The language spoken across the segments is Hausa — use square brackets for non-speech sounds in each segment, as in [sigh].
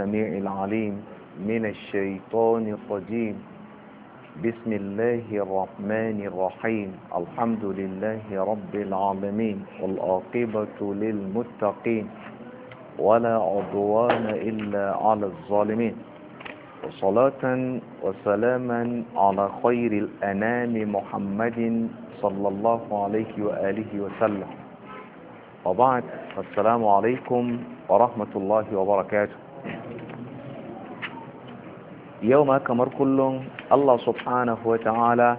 السميع العليم من الشيطان الرجيم بسم الله الرحمن الرحيم الحمد لله رب العالمين والآقبة للمتقين ولا عدوان إلا على الظالمين وصلاة وسلاما على خير الأنام محمد صلى الله عليه وآله وسلم وبعد السلام عليكم ورحمة الله وبركاته yau ma kamar kullum Allah subhanahu wa ta'ala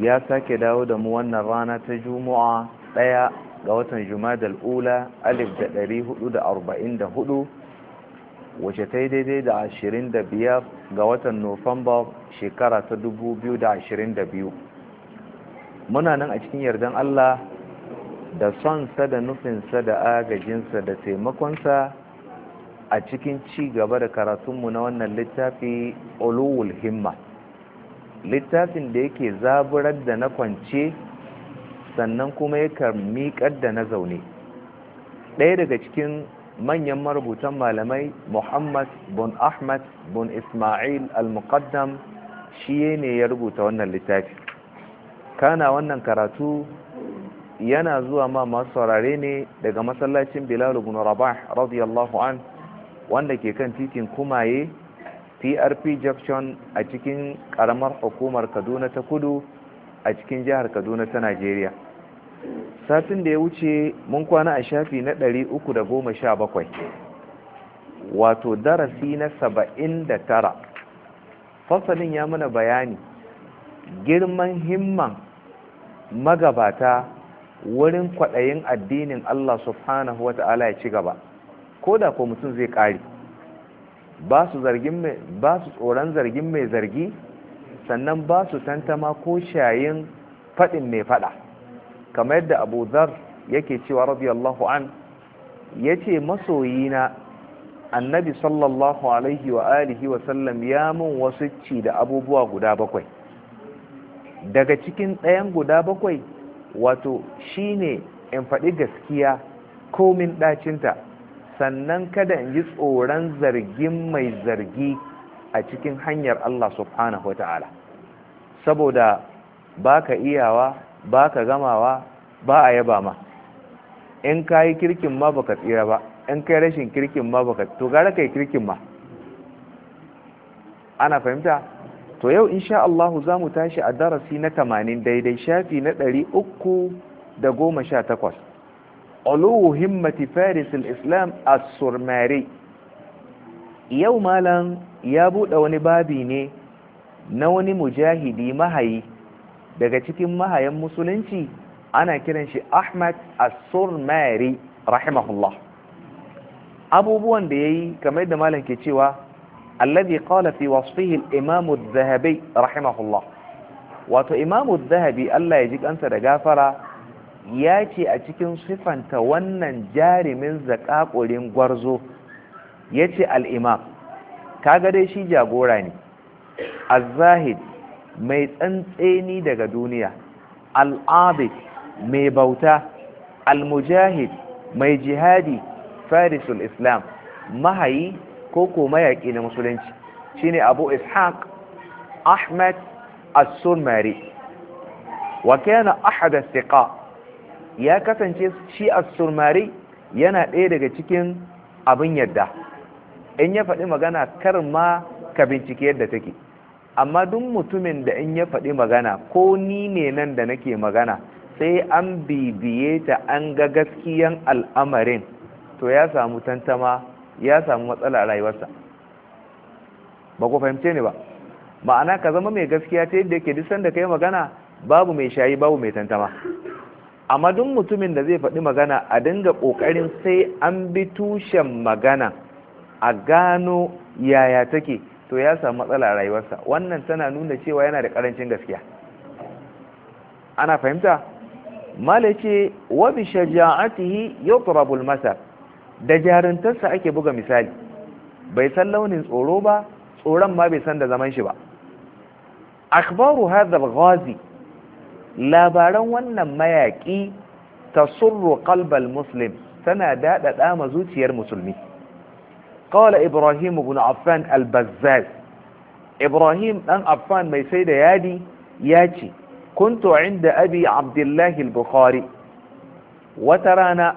ya sake dawo da mu wannan rana ta juma'a ɗaya ga watan juma'a ula alif da ɗari hudu da arba'in da hudu wace ta yi daidai da ashirin da biyar ga watan nofamba shekara ta dubu biyu da ashirin da biyu muna nan a cikin yardan Allah da sonsa da nufinsa da agajinsa da taimakonsa a cikin ci gaba da karatunmu na wannan littafi ulul himma littafin da yake zaburar da na kwance sannan kuma yakan miƙar da na zaune ɗaya daga cikin manyan marubutan malamai muhammad bin ahmad bin ismail al-muqaddam shi ne ya rubuta wannan littafi kana wannan karatu yana zuwa ma masu saurare ne daga masallacin bilal ibn rabah radiyallahu an wanda ke kan titin kumaye prp junction a cikin karamar hukumar kaduna ta kudu a cikin jihar kaduna ta najeriya satin da ya wuce mun kwana a shafi na 317 wato darasi na 79 fasalin ya mana bayani girman himman magabata wurin kwaɗayin addinin allah subhanahu wa ta'ala ya ci gaba ko da ko mutum zai ƙari ba su tsoron zargin mai zargi sannan ba su tantama ko shayin faɗin mai faɗa kamar yadda abu zar yake cewa radiyallahu an ya ce masoyina annabi sallallahu alaihi wa alihi wa sallam ya mun wasu ci da abubuwa guda bakwai daga cikin ɗayan guda bakwai wato shine in faɗi gaskiya komin ɗacinta sannan kada in ji tsoron zargin mai zargi a cikin hanyar Allah subhanahu wata'ala saboda ba ka iyawa ba ka gamawa ba a yaba ma in ka yi kirkin ma baka tsira ba in ka yi rashin kirkin ma baka to gara ka yi kirkin ma ana fahimta to yau insha Allah za mu tashi a darasi na 80 daidai shafi na da 318 ulu himmati faris al-islam as-surmari yau malam ya buɗe wani babi ne na wani mujahidi mahayi daga cikin mahayan musulunci ana kiran shi ahmad as-surmari rahimahullah abubuwan da yayi kamar da malam ke cewa alladhi qala fi wasfihi al-imam adh wato imam adh Allah ya ji kansa da gafara ya ce a cikin sifanta wannan jarumin zakakurin gwarzo ya ce al'imam kaga dai shi jagora ne al-zahid mai tsantseni daga duniya al'abid mai bauta al-mujahid mai jihadi farisul islam mahayi ko ko mayaƙi na musulunci shine abu ishaq Ahmed as-sulmari wa kana ahad as-siqa ya kasance shi a surmari yana ɗaya daga cikin abin yadda in ya faɗi magana kar ma ka bincike yadda take amma duk mutumin da in ya faɗi magana ko ni ne nan da nake magana sai an bibiye ta an ga gaskiyan al'amarin to ya samu tantama ya samu matsala rayuwarsa ba ku fahimce ne ba ma'ana ka zama mai gaskiya ta yadda yake duk sanda ka yi magana babu mai shayi babu mai tantama amma duk mutumin da zai faɗi magana a dinga ƙoƙarin sai an bi tushen magana a gano yaya take to ya samu matsala rayuwarsa wannan tana nuna cewa yana da ƙarancin gaskiya ana fahimta mala ce wa bi shaja'atihi yutrabul masal da jarintarsa ake buga misali bai san launin tsoro ba tsoron ma bai san da zaman shi ba akhbaru hadha al-ghazi labaran wannan mayaƙi ta surru kalbal muslim tana daɗaɗa ma zuciyar musulmi ƙawala ibrahim ibn affan al-bazzaz ibrahim ɗan affan mai sai da yadi ya ce kuntu inda abi abdullahi al-bukhari wata rana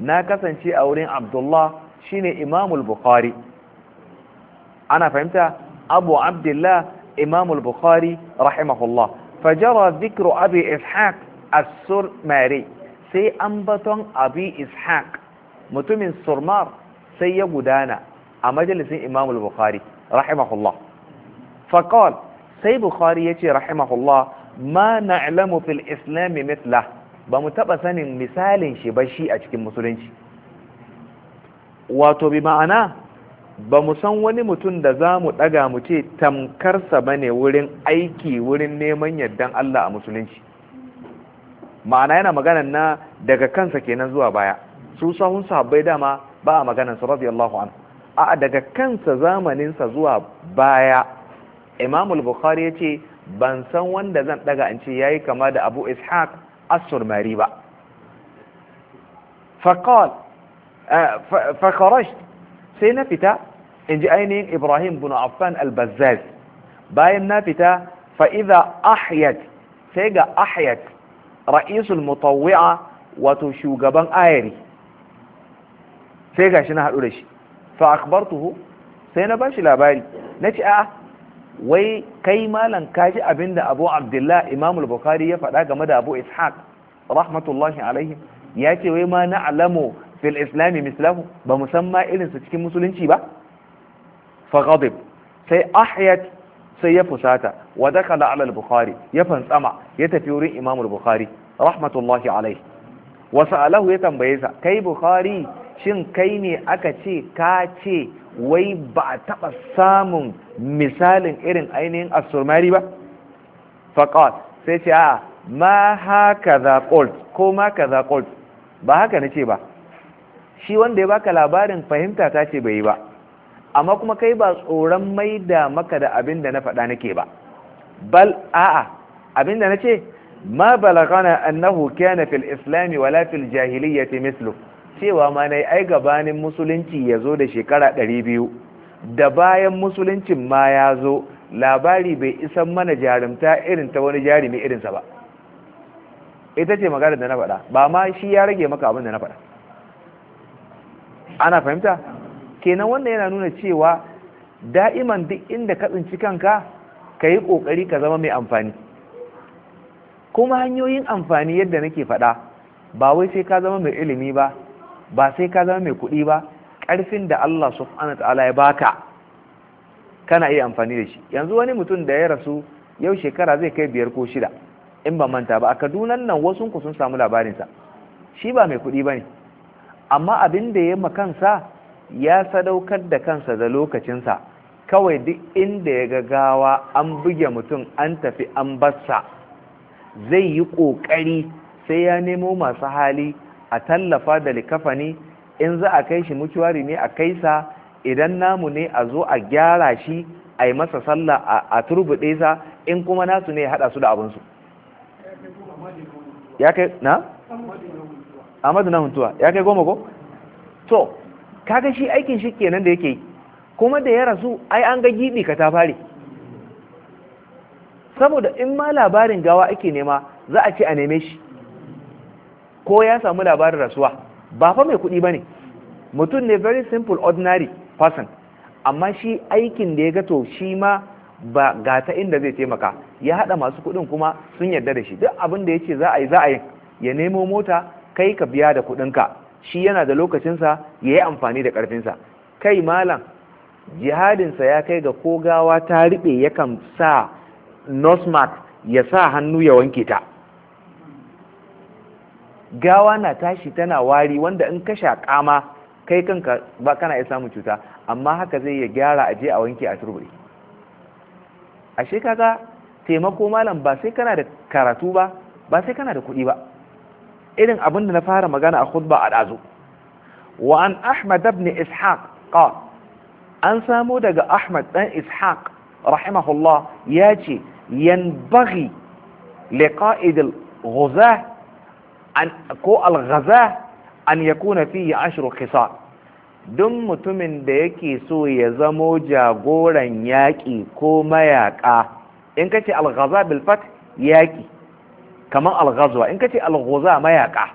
na kasance a wurin abdullah shine imamul bukhari ana fahimta abu abdullah imamul bukhari rahimahullah fajara zikru abi Ishak as-surmari sai baton abi ishaq mutumin surmar sai ya gudana a majalisin imam al-bukhari rahimahullah faqal sai bukhari yace rahimahullah ma na'lamu fil islam mithla ba mu taba sanin misalin shi ba shi a cikin musulunci wato bi ma'ana ba mu san wani mutum da za mu ɗaga mu ce tamkarsa ba ne wurin aiki wurin neman yardan Allah a musulunci ma'ana yana magana na daga kansa kenan zuwa baya su sahun sahabbai dama ba a maganan su radiyallahu anhu a daga kansa zamaninsa zuwa baya imamul bukhari ya ce ban san wanda zan ɗaga an ce yayi kama da abu ishaq as-surmari ba faqal eh, sai na fita in ji ainihin ibrahim bin affan al-bazzaz bayan na fita fa'iza ahyat sai ga ahyat ra'isul mutawwi'a wato shugaban ayari sai ga shi na haɗu da shi fa tuhu, sai na bashi labari na ce a wai kai malam kaji abinda abu abdullah imamul bukhari ya faɗa game da abu ishaq rahmatullahi alaihi ya ce wai ma na alamo fil islami mislahu ba musamman irinsa cikin musulunci ba faghadib sai ahyat sai ya fusata wa dakala ala al-bukhari ya fantsama ya tafi wurin imam al-bukhari rahmatullahi alayhi. wa sa'alahu ya tambaye sa kai bukhari shin kai ne aka ce ka ce wai ba a taɓa samun misalin irin ainihin asurmari ba faƙat sai ce a ma haka za ko ma ka za ba haka na ce ba shi wanda ya baka labarin fahimta ta ce bai yi ba amma kuma kai ba tsoron mai da maka da abin da na faɗa nake ba bal a'a abin da nace ma balagana annahu kana fil islami wala fil jahiliyyati mislu cewa ma nayi ai gabanin musulunci yazo da shekara 200 da bayan musulunci ma ya zo labari bai isan mana jarumta irin ta wani jarumi irinsa ba ita ce magana da na faɗa ba ma shi ya rage maka abin da na faɗa ana fahimta kenan wannan yana nuna cewa da'iman duk inda ka tsinci kanka ka yi ƙoƙari ka zama mai amfani kuma hanyoyin amfani yadda nake faɗa ba wai sai ka zama mai ilimi ba ba sai ka zama mai kuɗi ba ƙarfin da Allah subhanahu ta'ala ya baka kana iya amfani da shi yanzu wani mutum da ya rasu yau shekara zai kai biyar ko shida in ba manta ba a Kaduna nan wasu ku sun samu labarinsa shi ba mai kuɗi ba ne amma abin da ya makansa ya sadaukar da kansa da lokacinsa kawai duk inda ya ga gawa an buge mutum an tafi an bassa zai yi ƙoƙari sai ya nemo masu hali a tallafa da likafani in za a kai shi mutuwari ne a kaisa idan namu ne a zo a gyara shi a yi masa sallah a turbuɗe sa in kuma nasu ne ya haɗa su da abinsu ya kai na? amadu na huntuwa ya kai goma ko? to kaga shi aikin shi kenan da yake yi kuma da ya rasu ai an ga gibi ka ta fare saboda in ma labarin gawa ake nema za a ce a neme shi ko ya samu labarin rasuwa ba fa mai kuɗi ba ne mutum ne very simple ordinary person amma shi aikin da ya ga to shi ma ba ga ta inda zai taimaka ya haɗa masu kuɗin kuma sun yarda da shi duk abin da ya ce za a yi za a yi ya nemo mota kai ka biya da kuɗinka shi yana da lokacinsa ya yi amfani da ƙarfinsa kai malam jihadinsa ya kai ga ko gawa ta riɓe yakan sa nosmark ya sa hannu ya wanke ta gawa na tashi tana wari wanda in ka shaƙa ma kai kanka ba kana iya samun cuta amma haka zai ya gyara aje a wanke a turbure ashe kaga taimako malam ba sai kana da karatu ba ba sai kana da kuɗi ba إذن أبن مجانا مغانا أخذ بأرازو وأن أحمد بن إسحاق قال أن سامودك أحمد بن إسحاق رحمه الله ياتي ينبغي لقائد الغزاة أن كو الغزاة أن يكون فيه عشر خصال دم متمن ديكي سو يزمو جاغورا ياكي كو ما ياكا إنك الغزاة بالفتح ياكي kamar alghazwa in ka kace alghuza mayaka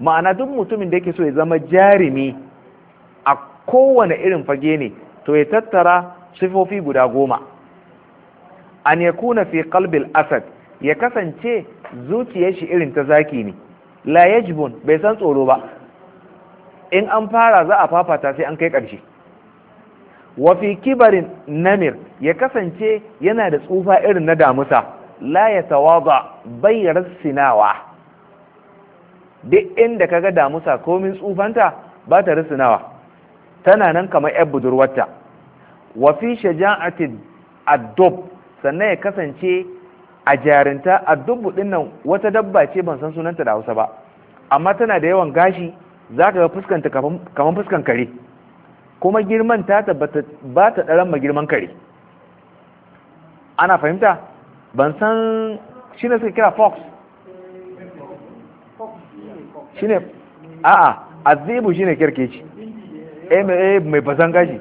ma'ana duk mutumin da yake so ya zama jarimi a kowane irin fage ne to ya tattara sifofi guda goma an yakuna fi qalbil asad ya kasance zuciyar shi irin ta zaki ne la yajbun bai san tsoro ba in an fara za a fafata sai an kai ƙarshe wafi kibarin namir ya kasance yana da tsufa irin na damusa لا يتواضع بير السناوة rassinawa duk inda kaga damusa komin tsufanta ba ta nawa. tana nan kamar yar budurwarta wa fi shaja'atin dub sannan ya kasance a jarinta A din nan wata dabba ce ban san sunanta da Hausa ba amma tana da yawan gashi za zaka ga fuskanta kamar fuskan kare kuma girman ta tabbata ba ta daran ma girman kare ana fahimta ban san shi ne suka kira fox shi ne a'a azibu eh, eh, shi ne kirkeci mai bazan gashi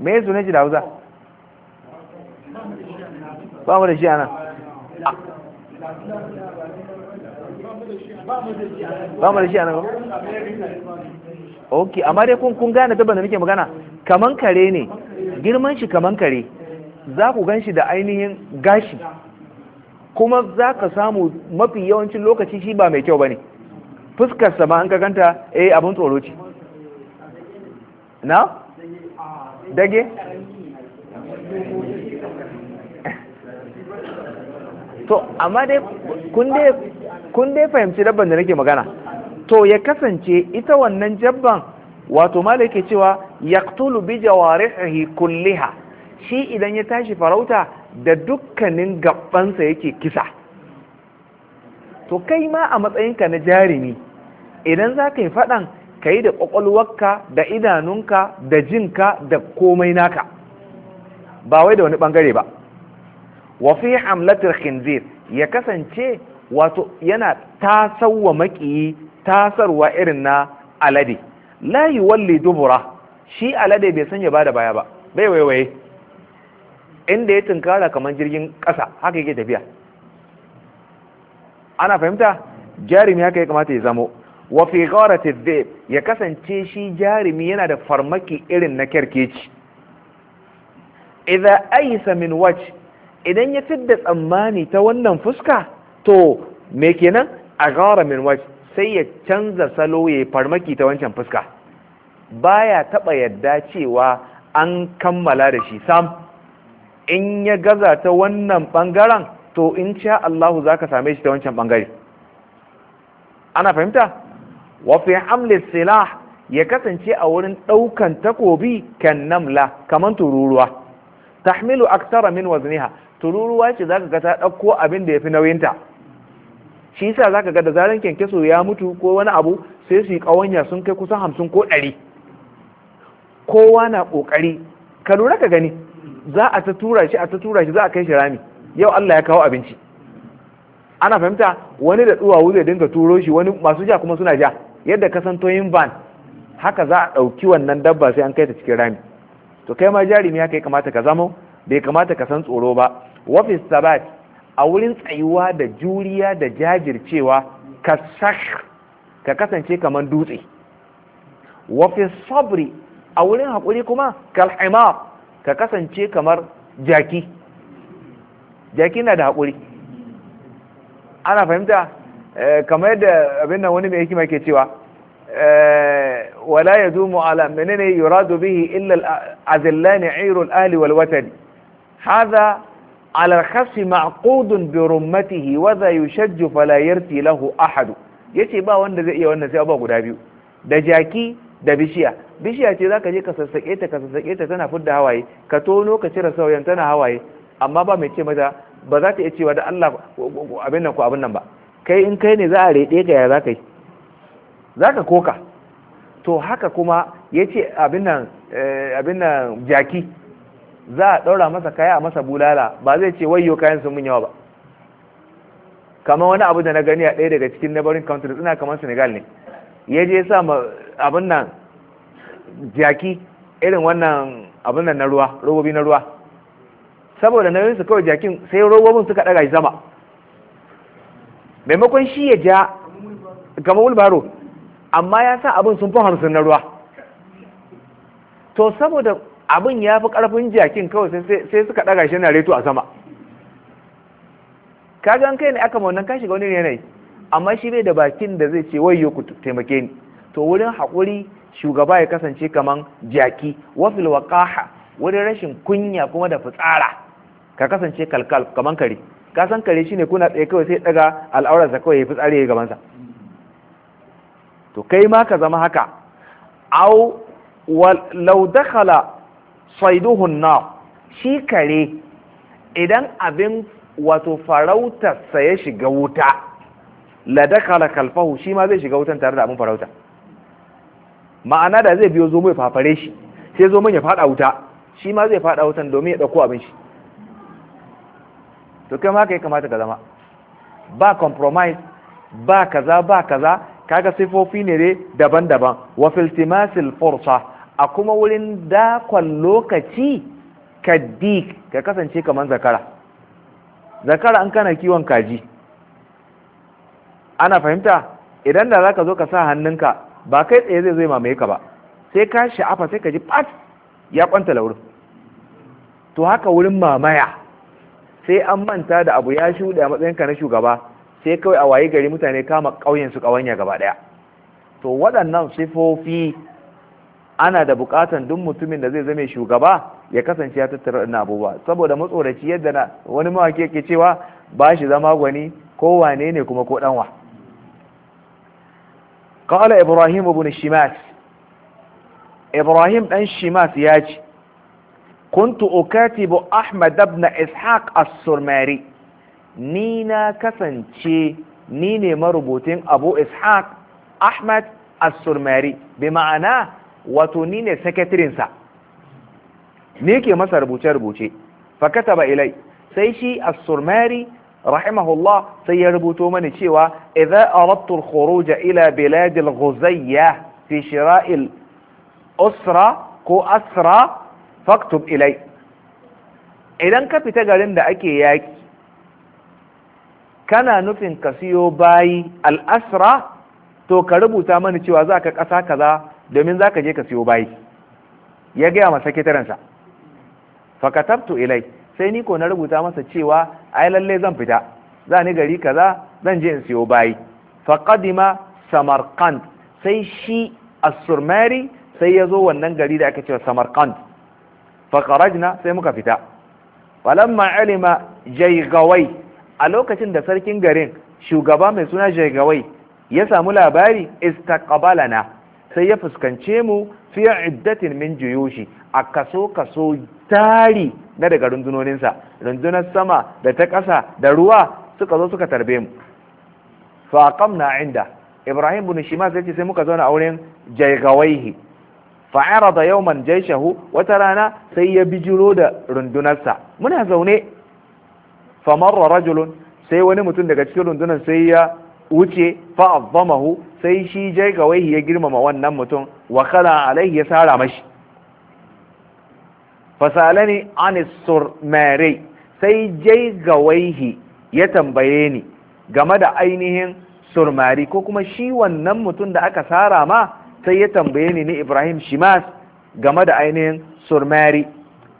me su ne shi da hausa ba mu da shi ana ba mu da shi ana ba ok amma dai kun gane dabban da nake magana kaman kare ne girman shi kaman kare za ku gan shi da ainihin gashi kuma za ka samu mafi yawancin lokaci shi ba mai kyau ba ne fuskarsa sama an ka eh, abin tsoro ce na? dage? to amma dai kun dai fahimci dabban da nake magana to ya kasance ita wannan jabban wato mala yake cewa yaktulu bi jawarihi kulliha shi idan ya tashi farauta da dukkanin gabansa yake kisa to kai ma a matsayinka na jarumi idan za ka yi faɗan ka yi da ƙwaƙwalwarka da idanunka da jinka da komai naka ba wai da wani ɓangare ba wafi hamlatar khinzir ya kasance wato yana tasarwa maƙiyi tasarwa irin na alade Layi yi dubura shi alade bai sanya ba da baya ba bai waiwaye inda ya tunkara kamar jirgin ƙasa haka yake tafiya ana fahimta jarumi haka ya kamata ya zamo wa fi ya kasance shi jarumi yana da farmaki irin na kerkeci Idan aysa min wacce idan ya fi da tsammani ta wannan fuska to me kenan a ƙawar min wacce sai ya canza salo ya farmaki ta wancan fuska baya taɓa yadda cewa an kammala da shi sam in ya gaza ta wannan bangaren to in sha Allah za ka same shi ta wancan bangare ana fahimta wafi Amlis silah ya kasance a wurin ɗaukan takobi kan namla kamar tururuwa tahmilu aktara min wazniha tururuwa ce zaka ga ta ɗauko abin da fi nauyinta shi yasa zaka ga da zaran kyankyaso ya mutu ko wani abu sai su yi ƙawanya sun kai kusan hamsin ko ɗari kowa na ƙoƙari ka lura ka gani za a ta tura shi a ta tura shi za a kai shi rami yau Allah ya kawo abinci ana fahimta wani da duwawu zai dinga turo shi wani masu ja kuma suna ja yadda ka san toyin ban haka za a ɗauki wannan dabba sai an kai ta cikin rami to kai ma jarumi haka ya kamata ka zamo bai kamata ka san tsoro ba wafis sabat a wurin tsayuwa da juriya da jajircewa ka sak ka kasance kamar dutse wafis sabri a wurin haƙuri kuma kalhimar ka kasance kamar jaki jaki na da haƙuri ana fahimta eh, kamar yadda abin wani mai hikima ke cewa eh, wala yazumu zumu ala menene yuradu bihi illa azillani irul ahli wal watani hadha على الخس معقود برمته وذا يشج فلا يرتي له أحد yace ba wanda zai iya wannan sai abuwa guda biyu da jaki da bishiya bishiya ce ka je ka sassaƙe ta ka sassaƙe ta tana fudda hawaye ka tono ka cire sauyan tana hawaye amma ba mai ce mata ba za ta iya cewa da Allah abin nan ko abin nan ba kai in kai ne za a reɗe ka ya za ka yi za ka koka to haka kuma ya ce eh, abin nan jaki za a ɗaura masa kaya a masa bulala ba zai ce wayo kayan sun mun yawa ba kamar wani abu da na gani a ɗaya daga cikin neighboring countries ina kamar senegal ne ya je sa abin nan jaki irin wannan abin nan na ruwa robobi na ruwa saboda nauyin su kawai jakin sai robobin suka daga shi sama maimakon shi ya ja kamar wulbaro amma ya sa abin sun fi hamsin na ruwa to saboda abin ya fi karfin jakin kawai sai suka daga shi na reto a sama kaga an kai ne aka wannan ka shiga wani yanayi amma shi bai da bakin da zai ce wai ku taimake ni to wurin haƙuri shugaba ya kasance kaman jaki wafil waqaha wurin rashin kunya kuma da fitsara ka kasance kalkal kaman kare ka san kare shine kuna tsaye kawai sai daga al'aurarsa kawai ya fitsare ya gaban sa to kai ma ka zama haka au law dakhala na shi kare idan abin wato farautarsa ya shiga wuta la dakhala kalfahu shi ma zai shiga wutan tare da abin farauta ma'ana da zai biyo zomo ya fafare shi sai zomon ya fada wuta shi ma zai fada wutan domin ya dauko abin shi to kai ma kai kamata ka zama ba compromise ba kaza ba kaza kaga sifofi ne dai daban-daban wa filtimasil fursa a kuma wurin dakon lokaci ka dik ka kasance kamar zakara zakara an kana kiwon kaji ana fahimta idan da zaka zo ka sa hannunka ba kai tsaye zai zai mamaye ka ba sai ka sha'afa sai ka ji pat ya kwanta laurin to haka wurin mamaya sai an manta da abu ya shuɗe a ka na shugaba sai kawai a wayi gari mutane kama ƙauyen su ƙawanya gaba ɗaya to waɗannan sifofi ana da buƙatan duk mutumin da zai zame shugaba ya kasance ya tattara ɗin abubuwa saboda matsoraci yadda wani mawaƙi yake cewa ba shi zama gwani ko wane ne kuma ko ɗanwa qala ibrahim ibrahim ɗan shimas ya ce kuntu ukatibu ahmad dabna ishaq as-surmari ni na kasance ni ne marubutin abu ishaq ahmad as-surmari bi ma'ana wato ni ne sakatirinsa ni ke masa rubuce-rubuce fakata ba ilai sai shi as-surmari rahimahullah sai ya rubuto mana cewa idza aradtu al-khuruj ila bilad al-ghuzayya fi shira'il usra ko asra faktub ilai idan ka fita garin da ake yaki kana nufin ka siyo bayi al-asra to ka rubuta mana cewa za ka kasa kaza domin za ka je ka siyo bayi ya gaya ma sakitarensa fakatabtu ilai sai ni ko na rubuta masa cewa ai lalle zan fita za ni gari kaza zan je in siyo bayi fa qadima samarqand sai shi as-surmari sai ya zo wannan gari da aka cewa samarqand fa kharajna sai muka fita falamma alima jaygawai a lokacin da sarkin garin shugaba mai suna jaygawai ya samu labari istaqbalana sai ya fuskance mu fi iddatin min juyushi a kaso kaso tari na daga rundunoninsa rundunar sama da ta ƙasa da ruwa suka zo suka tarbe mu fa na inda ibrahim bin shima sai ce sai muka zauna a wurin jaygawaihi fa arada yawman jayshahu wata rana sai ya bijiro da rundunarsa muna zaune fa marra rajulun sai wani mutum daga cikin rundunar sai ya wuce fa azzamahu sai shi jaygawaihi ya girmama wannan mutum wa alaihi ya sara mashi fasalani anis mare sai jai ga waihi ya tambaye ni game da ainihin surmari ko kuma shi wannan mutum da aka sara ma sai ya tambaye ni ni ibrahim shimas game da ainihin surmari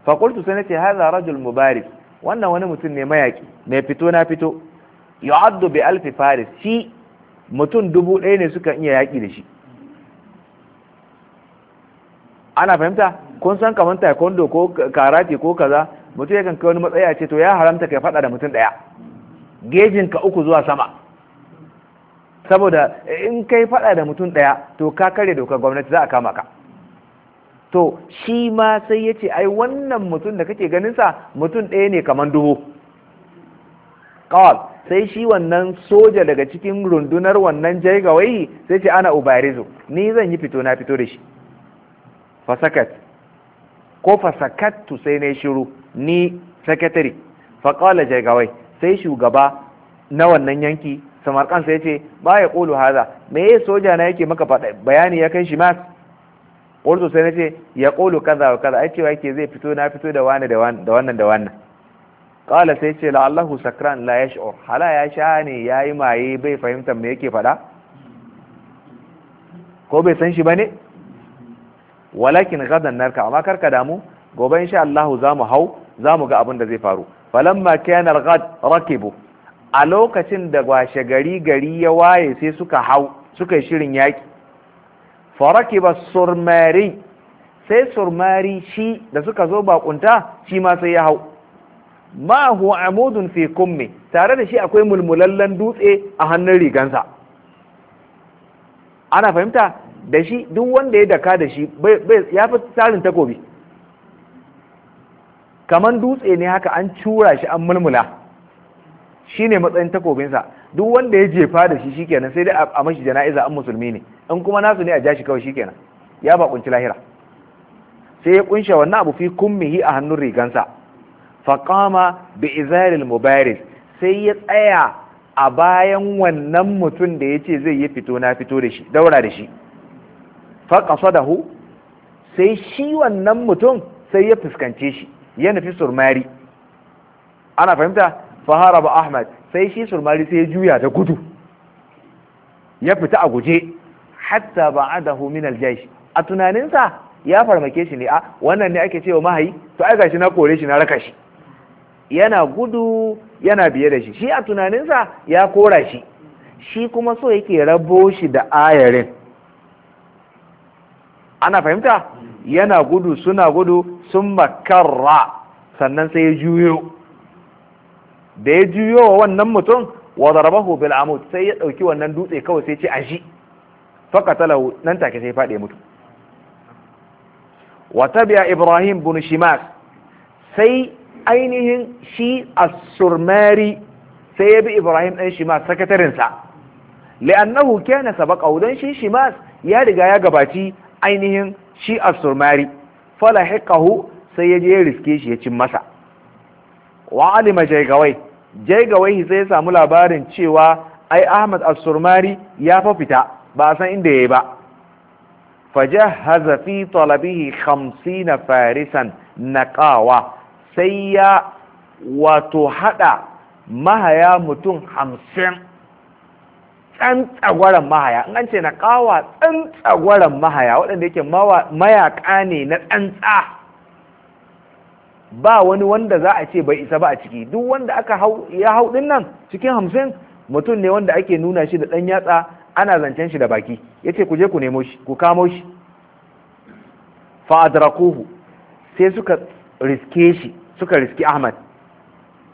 fakultu sai nace haza rajul mubaris wannan wani mutum ne mayaki mai fito na fito yu'addu bi alfi faris shi mutum dubu ɗaya ne suka iya yaƙi da shi ana fahimta kun san kamar taekwondo ko karate ko kaza mutum yakan kai wani matsaya ce to ya haramta kai fada da mutum daya gejin ka uku zuwa sama saboda in kai fada da mutum daya to ka kare dokar gwamnati za a kama ka to shi ma sai ya ce ai wannan mutum da kake ganin sa mutum ɗaya ne kamar dubu kawal sai shi wannan soja daga cikin rundunar wannan jaigawai sai ce ana ubarizo ni zan yi fito na fito da shi fasakat ko fasakattu sai na shiru ni sakatare faƙala jagawai sai shugaba na wannan yanki samarkan sai ce ba ya ƙulu haza me ya soja na yake maka bayani ya kai shi mas ƙultu sai na ce ya ƙulu kaza wa kaza ai cewa yake zai fito na fito da wani da wannan da wannan ƙala sai ce la'allahu sakran la ya hala ya sha ne ya yi maye bai fahimtar me yake faɗa ko bai san shi ba ne walakin gadan narka amma karka damu gobe insha Allah za mu hau za mu ga abin da zai faru falamma kana gad rakibu a lokacin da washe gari gari ya waye sai suka hau suka yi shirin yaki farakiba surmari sai surmari shi da suka zo bakunta shi ma sai ya hau ma huwa amudun fi kummi tare da shi akwai mulmulallen dutse a hannun rigansa ana fahimta da shi duk wanda ya daka da shi ya fi tsarin takobi kamar dutse ne haka an cura shi an mulmula shi ne matsayin takobinsa duk wanda ya jefa da shi shikenan sai dai a mashi jana'iza an musulmi ne in kuma nasu ne a ja shi kawai shikenan ya kunci lahira sai ya kunshe wannan abu fi kummihi a hannun rigansa faqama bi izaril mubaris sai ya tsaya a bayan wannan mutum da ya ce zai yi fito na fito da shi daura da shi hu, sai shi wannan mutum sai ya fuskance shi ya nufi surmari ana fahimta fahara ba ahmad sai shi surmari sai ya juya da gudu ya fita a guje hatta ba a da min aljaishi a tunaninsa ya farmake shi ne a wannan ne ake cewa mahayi to ai gashi na kore shi na raka shi yana gudu yana biye da shi shi a tunaninsa ya kora shi shi kuma so yake rabo shi da ayarin ana fahimta yana gudu suna gudu sun makarra sannan sai ya juyo da ya juyo wa wannan mutum wa zarabahu bil sai ya dauki wannan dutse kawai sai ce a shi fakatalahu nan take sai fade mutu wa tabi'a ibrahim bin shimas sai ainihin shi as-surmari sai ya bi ibrahim ɗan shimas sakatarinsa li'annahu kana sabaqa dan shi shimas ya riga ya gabaci ainihin shi a surmari hikahu sai ya je riske shi ya cin masa wa alima jaigawai jaigawai sai ya samu labarin cewa ai Ahmad a surmari ya fa fita ba san inda ya yi ba na farisan na kawa sai ya wato hada mahaya mutum hamsin. ɗan tsagwaron mahaya in an ce na ƙawa ɗan tsagwaran mahaya waɗanda yake mayaƙa ne na tsantsa ba wani wanda za a ce bai isa ba a ciki duk wanda aka hau ya hau ɗin nan cikin hamsin mutum ne wanda ake nuna shi da ɗan yatsa ana zancen shi da baki ya ce ku je ku nemo shi ku kamo shi fa'adrakuhu sai suka riske shi suka riske ahmad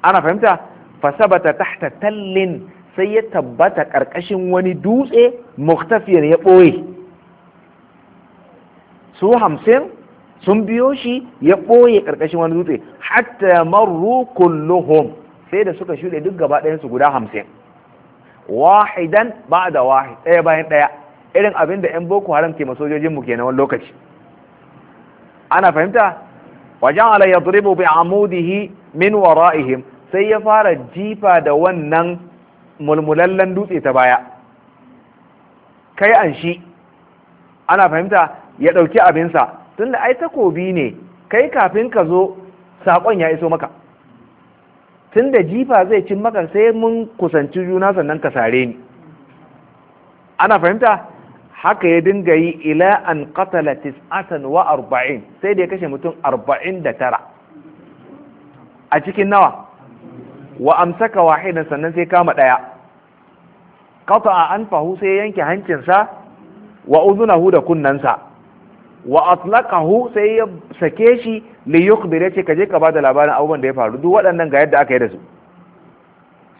ana fahimta fasabata tahta tallin sai ya tabbata ƙarƙashin wani dutse muktafiyar ya ɓoye su hamsin sun biyo shi ya ɓoye ƙarƙashin wani dutse hatta maru kulluhum sai da suka shuɗe duk gaba su guda hamsin wahidan ba da wahid ɗaya bayan ɗaya irin abin da 'yan boko haram ke masojojin ke na wani lokaci ana fahimta wajen ala ya bi amudihi min wara'ihim sai ya fara jifa da wannan mulmulallen dutse ta baya kai an shi ana fahimta ya ɗauki abinsa tunda ai takobi ne kai kafin ka zo saƙon ya iso maka tunda jifa zai cin maka sai mun kusanci juna sannan ka sare ni ana fahimta haka ya dinga yi ila an qatala tis'atan wa arba'in sai da ya kashe mutum arba'in da tara a cikin nawa wa amsaka wahidan sannan sai kama daya an fahu sai yanke hancinsa wa udhunahu da kunnansa wa atlaqahu sai ya sake shi li yukhbir yace kaje ka bada labarin abubuwan da ya faru duk waɗannan ga yadda aka yi da su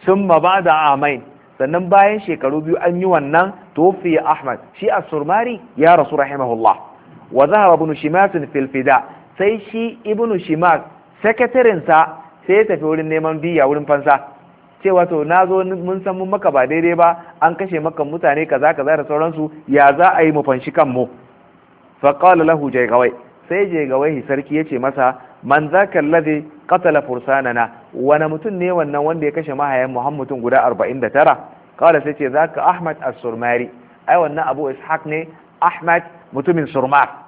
summa ba'da amain sannan bayan shekaru biyu an yi wannan tofi ahmad shi as-surmari ya rasu rahimahullah wa zahara ibn shimas fil fida sai shi ibn shimas sa. sai ya tafi wurin neman biya wurin fansa cewa to na zo mun san mun maka ba daidai ba an kashe maka mutane kaza kaza da sauransu ya za a yi mu fanshi kanmu fa qala lahu jaygawai sai jaygawai sarki yace masa man zaka alladhi qatala fursanana wani mutum ne wannan wanda ya kashe mahayan muhammadun guda 49 qala sai ce zaka ahmad as-surmari ai wannan abu ishaq ne ahmad mutumin surmar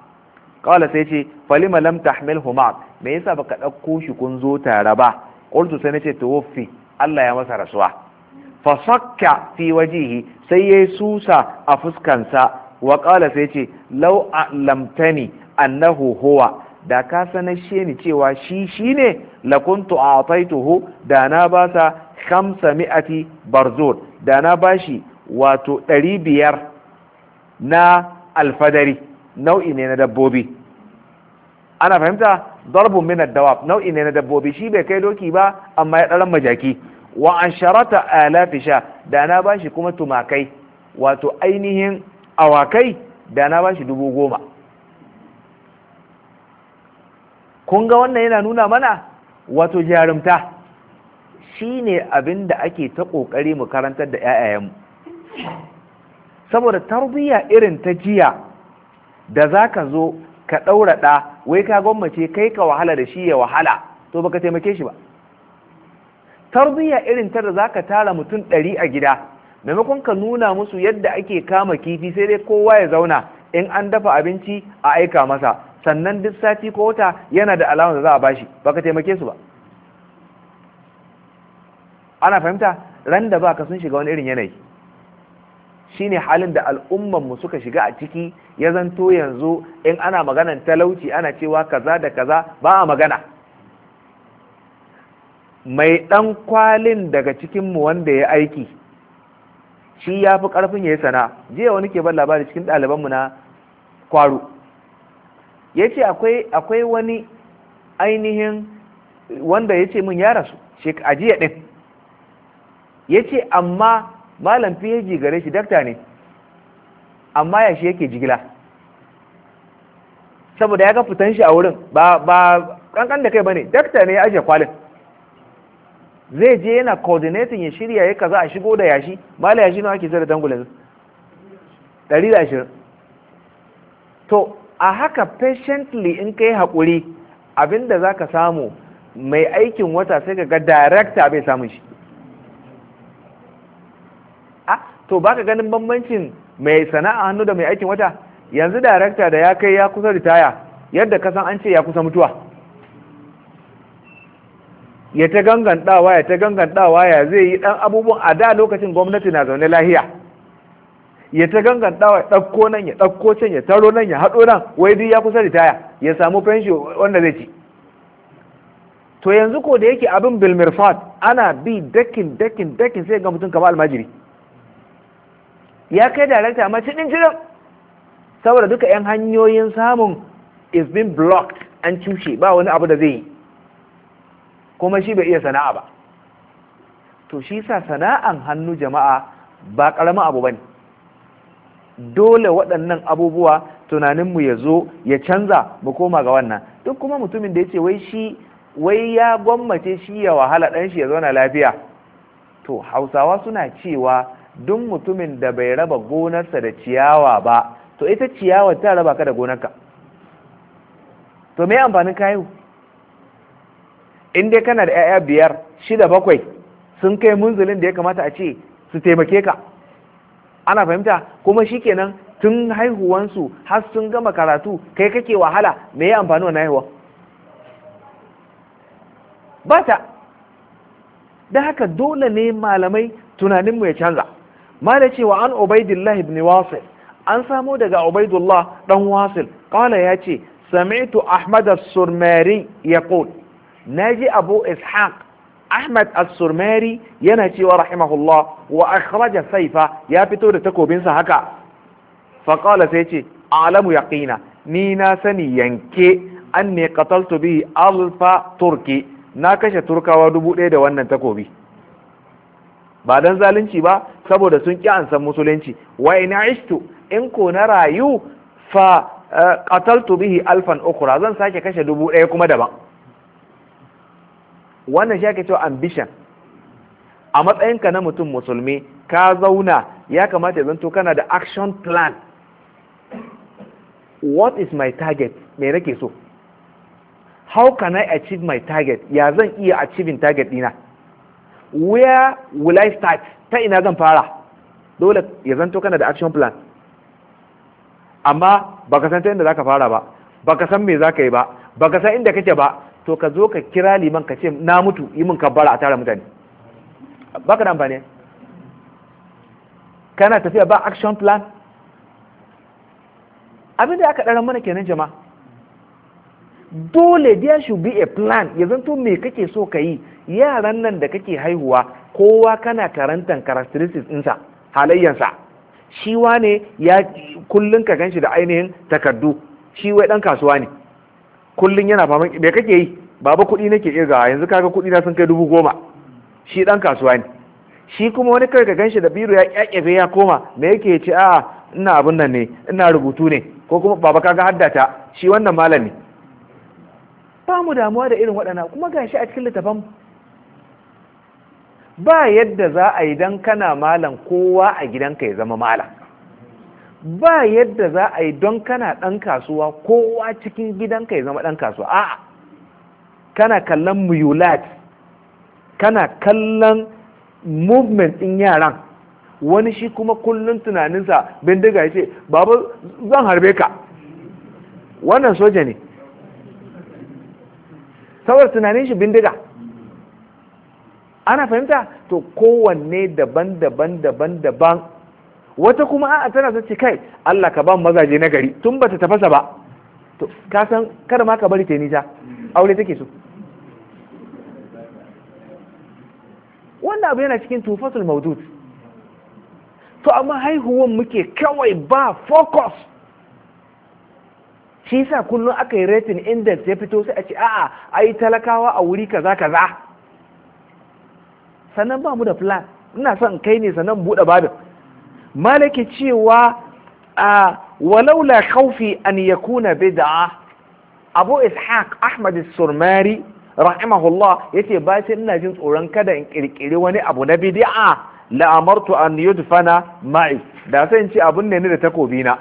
kawala sai ce falima lam tahmilhu huma me yasa baka ɗauko shi kun zo tare ba qultu sai na ce nace tawaffi Allah ya masa rasuwa fasakka fi wajihi sai yayi susa a fuskansa wa kawala sai ce lau lamta ni annahu huwa da ka sanar shi ne cewa shi shi shine lakuntu tuhu da na ba sa kamsa mi'ati da na ba shi wato ɗari biyar na alfadari nau'i ne na dabbobi ana fahimta darbun min dawab nau'i ne na dabbobi shi bai kai doki ba amma ya daran majaki wa a alafi sha da na bashi kuma tumakai wato ainihin awakai da na bashi dubu goma kun ga wannan yana nuna mana wato jarumta shi ne abin da ake ta ƙoƙari mu karantar da 'ya'yayenmu saboda tarbiyya irin ta jiya da za ka zo ka ɗaura ɗa wai ka gwammace kai ka wahala da shi ya wahala to baka taimake shi ba tarbiyya irin ta da za ka tara mutum ɗari a gida maimakon ka nuna musu yadda ake kama kifi sai dai kowa ya zauna in an dafa abinci a aika masa sannan duk sati ko wata yana da alama da za a bashi baka taimake su ba ana fahimta ran da baka sun shiga wani irin yanayi ne halin da al'umman mu suka shiga a ciki ya zanto yanzu in ana maganan talauci ana cewa kaza da kaza ba a magana mai ɗan kwalin daga cikin mu wanda ya aiki shi ya fi karfin ya yi sana jiya wani ke ban labari cikin ɗalibanmu na kwaro ya ce akwai wani ainihin wanda ya ce min ya rasu a jiya ɗin ya ce amma malam phd gare shi dakta ne amma ya shi yake jigila saboda ya ga fitan shi a wurin ba ba kankan da kai bane dakta ne ya ajiye kwalin zai je yana coordinating ya shirya ya kaza a shigo da yashi malam yashi nawa ake sai da dangulin 120 to a haka patiently in kai haƙuri abinda ka samu mai aikin wata sai ka ga director bai samun shi to baka ganin bambancin mai sana'a hannu da mai aikin wata yanzu darakta da ya kai ya kusa ritaya yadda ka san an ce ya kusa mutuwa ya ta gangantawa ya ta gangantawa ya zai yi dan abubuwan a da lokacin gwamnati na zaune lahiya ya ta gangantawa ya ɗauko nan ya ɗauko can ya taro nan ya haɗo nan wai duk ya kusa ritaya ya samu fenshi wanda zai ci to yanzu ko da yake abin bilmirfat ana bi dakin dakin dakin sai ga mutum kamar almajiri ya kai darakta amma cikin jiran saboda duka 'yan hanyoyin samun is been blocked an cushe ba wani abu da zai yi kuma shi bai iya sana'a ba to shi sa sana'an hannu jama'a ba ƙaramin abu bane dole waɗannan abubuwa tunaninmu ya zo ya canza mu koma ga wannan duk kuma mutumin da ya ce wai shi wai ya gwammace shi ya wahala ɗanshi shi ya zauna lafiya to hausawa suna cewa duk mutumin da bai raba gonarsa da ciyawa ba to ita ciyawa ta raba ka da gonarka to me amfanin kayu in dai kana da 'ya'ya biyar shida bakwai sun kai munzulin da ya kamata a ce su taimake ka ana fahimta kuma shikenan tun haihuwansu har sun gama karatu kai kake wahala me ya amfani wa haihuwa Bata, da haka dole ne malamai tunaninmu ya canza mala ce wa an ubaidillah ibn wasil an samo daga ubaidullah dan wasil qala ya ce sami'tu ahmad as-surmari yaqul naji abu ishaq ahmad as-surmari yana cewa rahimahullah wa akhraja saifa ya fito da takobinsa haka fa qala sai ce alamu yaqina ni na sani yanke anni qataltu bi alfa turki na kashe turkawa dubu ɗaya da wannan takobi ba dan zalunci ba saboda sun ƙi an san musulunci wa in ishtu in ko na rayu fa eh, qataltu bihi alfan ukra zan sake kashe dubu ɗaya kuma daban wannan shi ake cewa ambition a matsayinka na mutum musulmi ka zauna ya kamata ya zanto kana da action plan what is my target me nake so how can i achieve my target ya zan iya achieving target dina where will I start ta ina zan fara dole ya zanto kana da action plan amma baka san ta inda zaka fara ba baka san me zaka yi ba baka san inda kake ba to ka zo ka kira liman ka ce na mutu yi min kabbara a tara mutane baka da amfani kana tafiya ba action plan abin da aka ɗara mana kenan jama'a dole there should be a plan ya zanto me kake so ka yi yaran nan da kake haihuwa kowa kana karantan characteristics ɗinsa halayyansa shi wane ya kullun ka ganshi da ainihin takardu shi wai ɗan kasuwa ne kullun yana faman me kake yi baba kuɗi nake irgawa yanzu kaga kuɗi na sun kai dubu goma shi ɗan kasuwa ne shi kuma wani kai ka ganshi da biro ya kyakyafe ya koma me yake ce a ah, ina abun nan ne ina rubutu ne ko kuma baba kaga haddata shi wannan malami ba mu damuwa da irin waɗannan kuma gashi a cikin littafan ba yadda za a yi don kana malam kowa a gidanka ya zama malam ba yadda za a yi don kana ɗan kasuwa kowa cikin gidanka ya zama ɗan kasuwa a'a kana kallon muyulat kana kallon movement ɗin yaran wani shi kuma kullum tunaninsa bindiga ya ce babu zan harbe ka wannan soja ne tsawar tunanin shi bindiga ana fahimta to kowanne daban daban daban daban wata kuma a'a tana ta ce kai Allah ka ba mazaje na gari tun bata tafasa ba to ka san kada ma ka bari ta nisa aure take so Wanda abu yana cikin tufatul maudud to amma haihuwan muke kawai ba focus shi sa kullum aka yi rating index ya fito sai a ce a'a ai talakawa a wuri kaza kaza sannan ba mu da plan ina son kai ne sannan buɗe babin malaki cewa a walaula kaufi an yakuna bid'a abu ishaq ahmad surmari rahimahullah yace ba sai ina jin tsoron kada in kirkiri wani abu na bid'a la amartu an yudfana ma'i da sai in ce abun ne ni da takobi na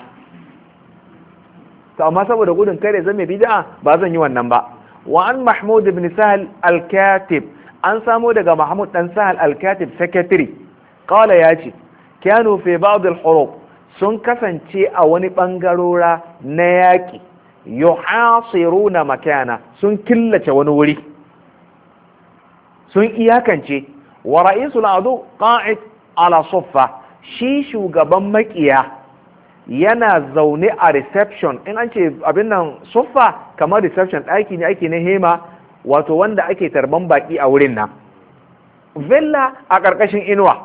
to amma saboda gudun kare zame bid'a ba zan yi wannan ba wa an mahmud ibn sahl al-katib an samo daga mahmud dan sahal al-katib secretary ya ce kyanu fi ba'd al sun kasance a wani bangarora na yaki yuhasiruna makana sun killace wani wuri sun iyakance wa ra'isul adu qa'id ala suffa shi shugaban makiya yana zaune a reception in an ce abin nan suffa kamar reception ɗaki ne ake na hema wato wanda ake tarban baki a wurin nan villa a ƙarƙashin inuwa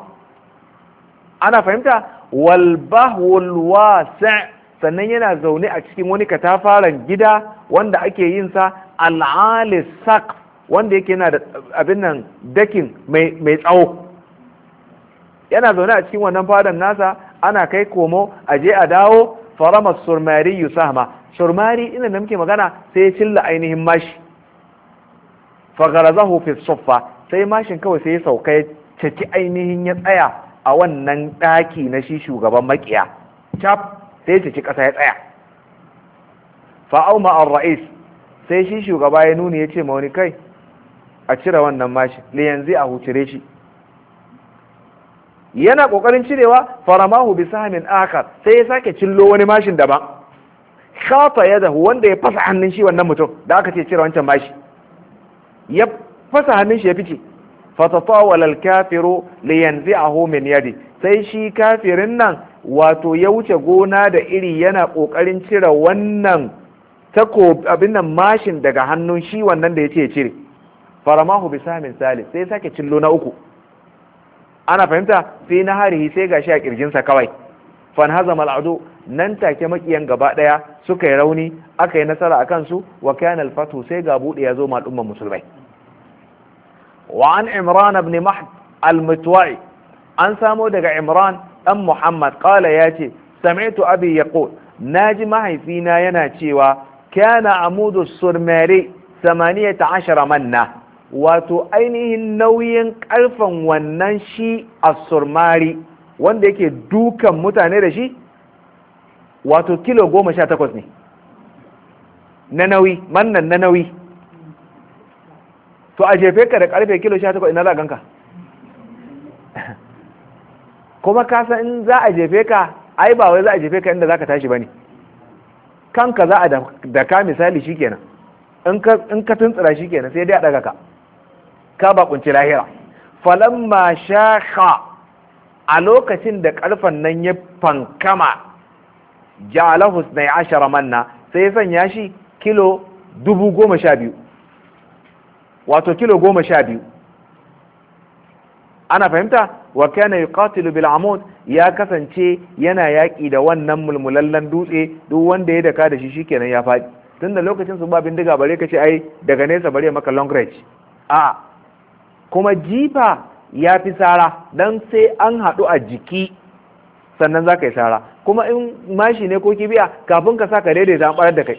ana fahimta walbahul wasi' sannan yana zaune a cikin wani katafaren gida wanda ake yin sa al'ali wanda yake yana da abin nan dakin mai tsawo yana zaune a cikin wannan fadan nasa ana kai komo a je a dawo farama surmari yusahma surmari ina da muke magana sai ya cilla ainihin mashi fagarazahu fi suffa sai mashin kawai sai ya sauka ya caci ainihin ya tsaya a wannan ɗaki na shi shugaban makiya cap sai ya caci ƙasa ya tsaya fa'auma an ra'is sai shi shugaba ya nuni ya ce ma wani kai a cire wannan mashin da yanzu a hucire shi yana kokarin cirewa faramahu bi sahamin akar sai ya sake cillo wani mashin daban khata yadahu wanda ya fasa hannun shi wannan mutum da aka ce cire wancan mashi ya fasa hannun shi ya fice fatatawal alkafiru liyanzi'ahu min yadi sai shi kafirin nan wato ya wuce gona da iri yana kokarin cire wannan tako abin nan mashin daga hannun shi wannan da yace ya cire faramahu bisamin misali sai sake cillo na uku ana fahimta sai na harihi sai gashi a kirjinsa kawai fanhazama al'adu nan take makiyan gaba daya suka yi rauni aka yi nasara akan su wa kana al-fatu sai ga bude ya zo ma musulmai wa an imran ibn mahd al-mutwa'i an samo daga imran dan muhammad qala yace sami'tu abi yaqul naji mahaifina yana cewa 'Kyana amudu surmari 18 manna wato ainihin nauyin karfan wannan shi as-surmari wanda yake dukan mutane da shi wato kilo goma sha takwas ne na nauyi mannan na nauyi to a jefe ka da karfe kilo sha 18 ina za a ganka [laughs] kuma ka san in za a jefe ka ai ba wai za a jefe ka inda za ka tashi ba ne kanka za a da ka misali shikenan in ka shi shikenan sai dai a daga ka ka ba kunci lahira falamma shaka a lokacin da karfan nan ya fankama ja'alahu ashara manna sai ya sanya shi kilo dubu goma sha biyu wato kilo goma sha biyu ana fahimta wa kana yuqatilu bil amud ya kasance yana yaƙi da wannan mulmulallen dutse duk wanda ya daka da shi shikenan ya faɗi tunda lokacin su ba bindiga bare ka ce ai daga nesa bare maka long range a kuma jifa ya fi sara dan sai an haɗu a jiki sannan za ka yi sara kuma in mashi ne ko kibiya kafin ka sa ka daidaita an ɓarar da kai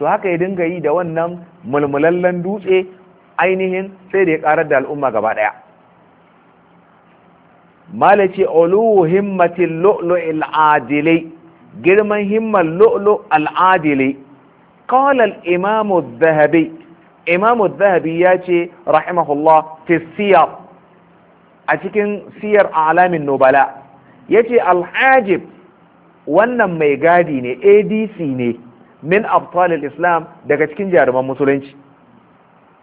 to haka ya dinga yi da wannan mulmulallen dutse ainihin sai da ya karar da al'umma gaba daya malace ulu himmatin lu'lu al'adili girman himmar lu'lu al'adili qala al-imam adh-dhahabi imam adh zahabi imam Zahabi ya ce rahimahullah fi siyar a cikin siyar alamin nubala Ya ce alhajib wannan mai gadi ne adc ne min abtalil islam daga cikin jaruman musulunci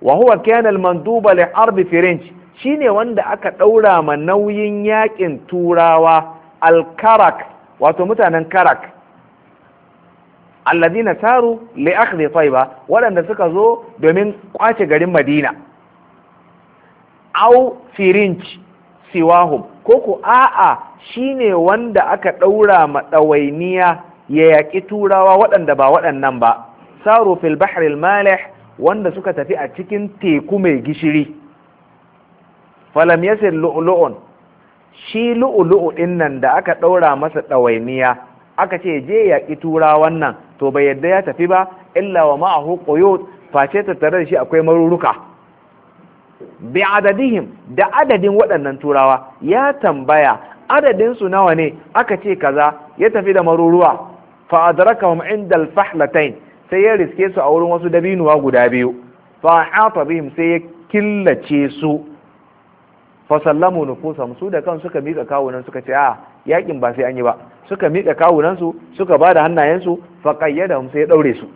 wa huwa kana al-manduba li arbi shine wanda aka daura ma nauyin yakin turawa al-karak wato mutanen karak alladina taru li akhdhi tayba waɗanda suka zo domin kwace garin madina au firenc siwahum koko a'a shine wanda aka daura ma dawainiya ya yaƙi turawa waɗanda ba waɗannan ba saru fil bahril malih wanda suka tafi a cikin teku mai gishiri falam yasir lu'lu'un shi lu'lu'u din nan da aka ɗaura masa ɗawainiya aka ce je yaƙi tura wannan, to bai yadda ya tafi ba illa wa ma'ahu quyut face tattare da shi akwai maruruka bi adadihim da adadin waɗannan turawa ya tambaya adadinsu nawa ne aka ce kaza ya tafi da maruruwa fa adrakahum inda alfahlatain fahlatain sai ya riske su a wurin wasu dabinuwa guda biyu fa hata bihim sai ya killace su fa sallamu nufusahum su da kan suka mika kawunan suka ce a yakin ba sai an yi ba suka mika kawunan su suka bada hannayen su fa qayyadahum sai ya daure su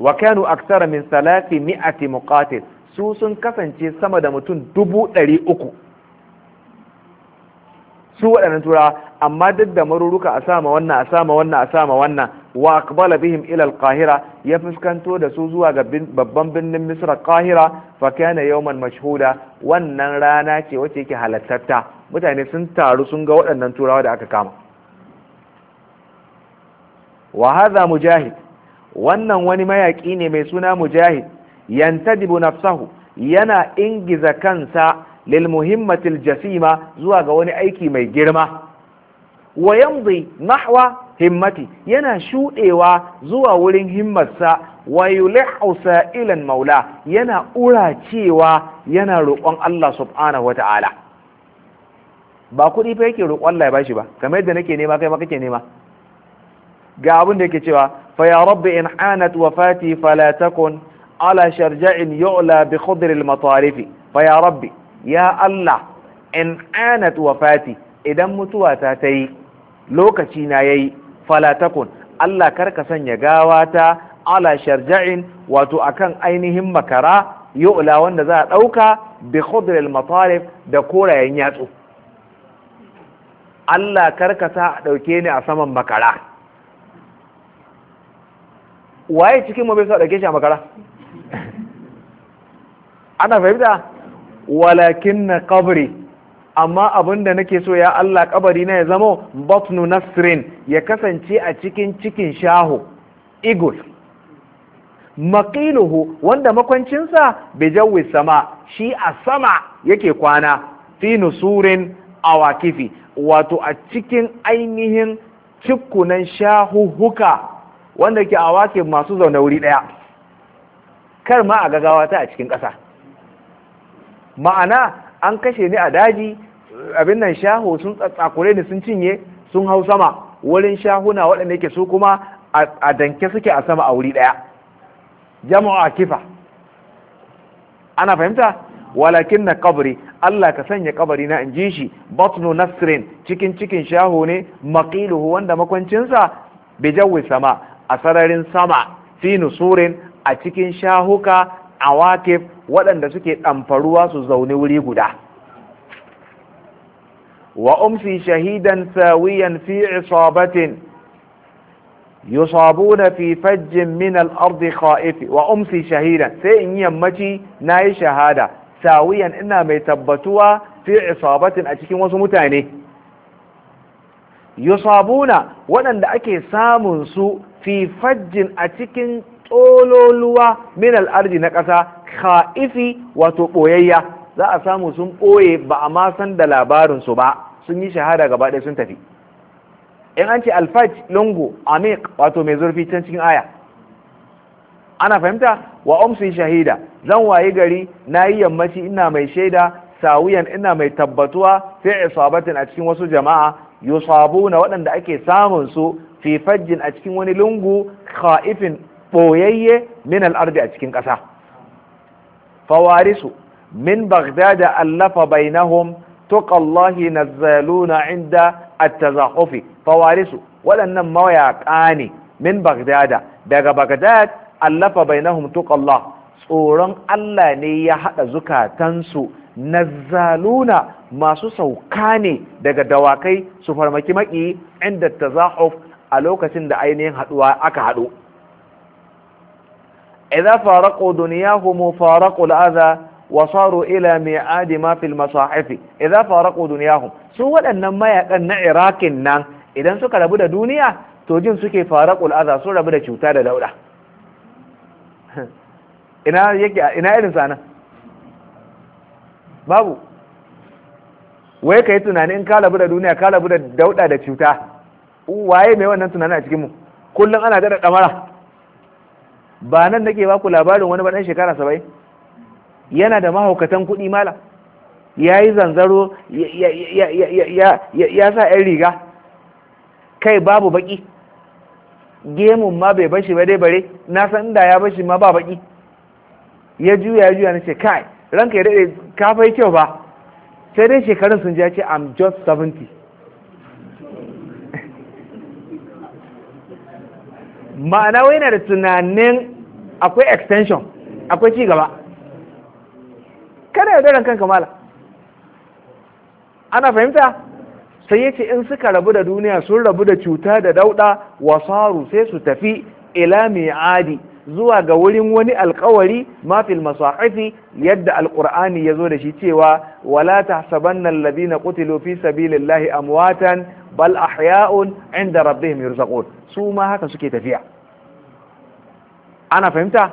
wa kanu aktsara min 300 muqatil su sun kasance sama da mutum dubu ɗari su waɗannan turawa amma duk da maruruka a sama wannan a sama wannan a sama wannan wa aqbala bihim ila al-qahira ya fuskanto da su zuwa ga babban birnin misra qahira fa kana yawman mashhuda wannan rana ce wacce yake halartarta mutane sun taru sun ga waɗannan turawa da aka kama wa hadha mujahid wannan wani mayaki ne mai suna mujahid yantadibu nafsahu yana ingiza kansa lil muhimmatil jasima zuwa ga wani aiki mai girma wa yamdi nahwa himmati yana shudewa zuwa wurin himmarsa wa yulihu sa'ilan maula yana uracewa yana roƙon Allah subhanahu wata'ala ba kuɗi fa yake roƙon Allah ya bashi ba kamar yadda nake nema kai ma kake nema ga abin da yake cewa fa ya rabbi in hanat wafati fala takun ala sharja'in yu'la bi khudri matarifi fa ya rabbi ya Allah in anat wafati idan mutuwata ta yi lokaci na yayi falatakun Allah karka sanya gawa ta ala sharja'in wato akan ainihin makara yu'la wanda za a ɗauka bi khudril matarif da korayen yatsu Allah karka sa a ɗauke ni a saman makara waye cikin mu bai sa ɗauke shi a makara [laughs] ana fahimta walakin na kabri amma abin da nake so ya Allah kabari na ya zama batnu nasrin ya kasance a cikin cikin shaho igul maqiluhu wanda makwancinsa bijawis sama shi a sama yake kwana fi nusurin awakifi wato a cikin ainihin cikkunan shahuhuka wanda ke awakin masu zaune wuri daya kar ma a gagawa ta a cikin ƙasa ma'ana an kashe ni a daji abin nan shaho sun tsakure ni sun cinye sun hau sama wurin shahuna waɗanda yake su kuma a danke suke a sama a wuri ɗaya jama'a kifa ana fahimta walakin na kabari Allah ka sanya kabari na in ji shi batnu nasrin cikin cikin shaho ne maqiluhu wanda makwancinsa bi jawi sama a sararin sama fi nusurin a cikin shahuka awakif waɗanda suke ɗamfaruwa su zaune wuri guda wa umsi shahidan sawiyan fi isabatin yusabuna fi fajjin min al-ardi wa umsi shahidan sai in yammaci nayi shahada sawiyan ina mai tabbatuwa fi isabatin a cikin wasu mutane yusabuna waɗanda ake samun su fi fajjin a cikin tsololuwa min al na ƙasa kha'ifi wato ɓoyayya za a samu sun ɓoye ba a ma san da labarinsu ba sun yi shahada gaba ɗaya sun tafi in an ce alfaj lungu amik wato mai zurfi can cikin aya ana fahimta wa umsi shahida zan wayi gari na yi yammaci ina mai shaida sawuyan ina mai tabbatuwa fi isabatin a cikin wasu jama'a na waɗanda ake samun su fi fajjin a cikin wani lungu kha'ifin ɓoyayye min al'ardi a cikin ƙasa fawarisu min baghdada allafa bainahum tuqallahi nazzaluna inda at-tazahufi fawarisu waɗannan mawayaƙa ne min baghdada daga baghdad allafa bainahum tuqallah tsoron Allah ne ya haɗa zukatansu nazzaluna masu sauka ne daga dawakai su farmaki maki inda tazahuf a lokacin da ainihin haɗuwa aka haɗu إذا فارقوا دنياهم فارقوا الأذى وصاروا إلى ميعاد ما في المصاحف إذا فارقوا دنياهم سوى أن ما يقن عراق النام إذا سكى لابد دنيا توجين سكي فارقوا الأذى سوى لابد da دولة ina yake ina irin sana babu wai kai tunani in ka labu da duniya ka labu da dauda da cuta waye mai wannan tunani a cikin mu kullum ana da kamara ba nan nake ba ku labarin wani baɗan shekara saba'in yana da mahaukatan kuɗi mala ya yi zanzaro ya sa 'yan riga kai babu baƙi gemun ma bai bashi ba dai bare na san inda ya bashi ma ba baƙi ya juya ya juya na ce kai ranka ya daɗe ka fai kyau ba sai dai shekarun sun ja ce i'm just 70 ma'ana wai yana da tunanin akwai extension akwai ci gaba kada ya daren kanka mala ana fahimta sai yace in suka rabu da duniya sun rabu da cuta da dauda wasaru sai su tafi ila mi'adi zuwa ga wurin wani alkawari mafil masahifi yadda alkur'ani ya zo da shi cewa wala tahsabanna alladhina qutilu fi sabilillahi amwatan bal ahya'un inda rabbihim yurzaqun su ma haka suke tafiya ana fahimta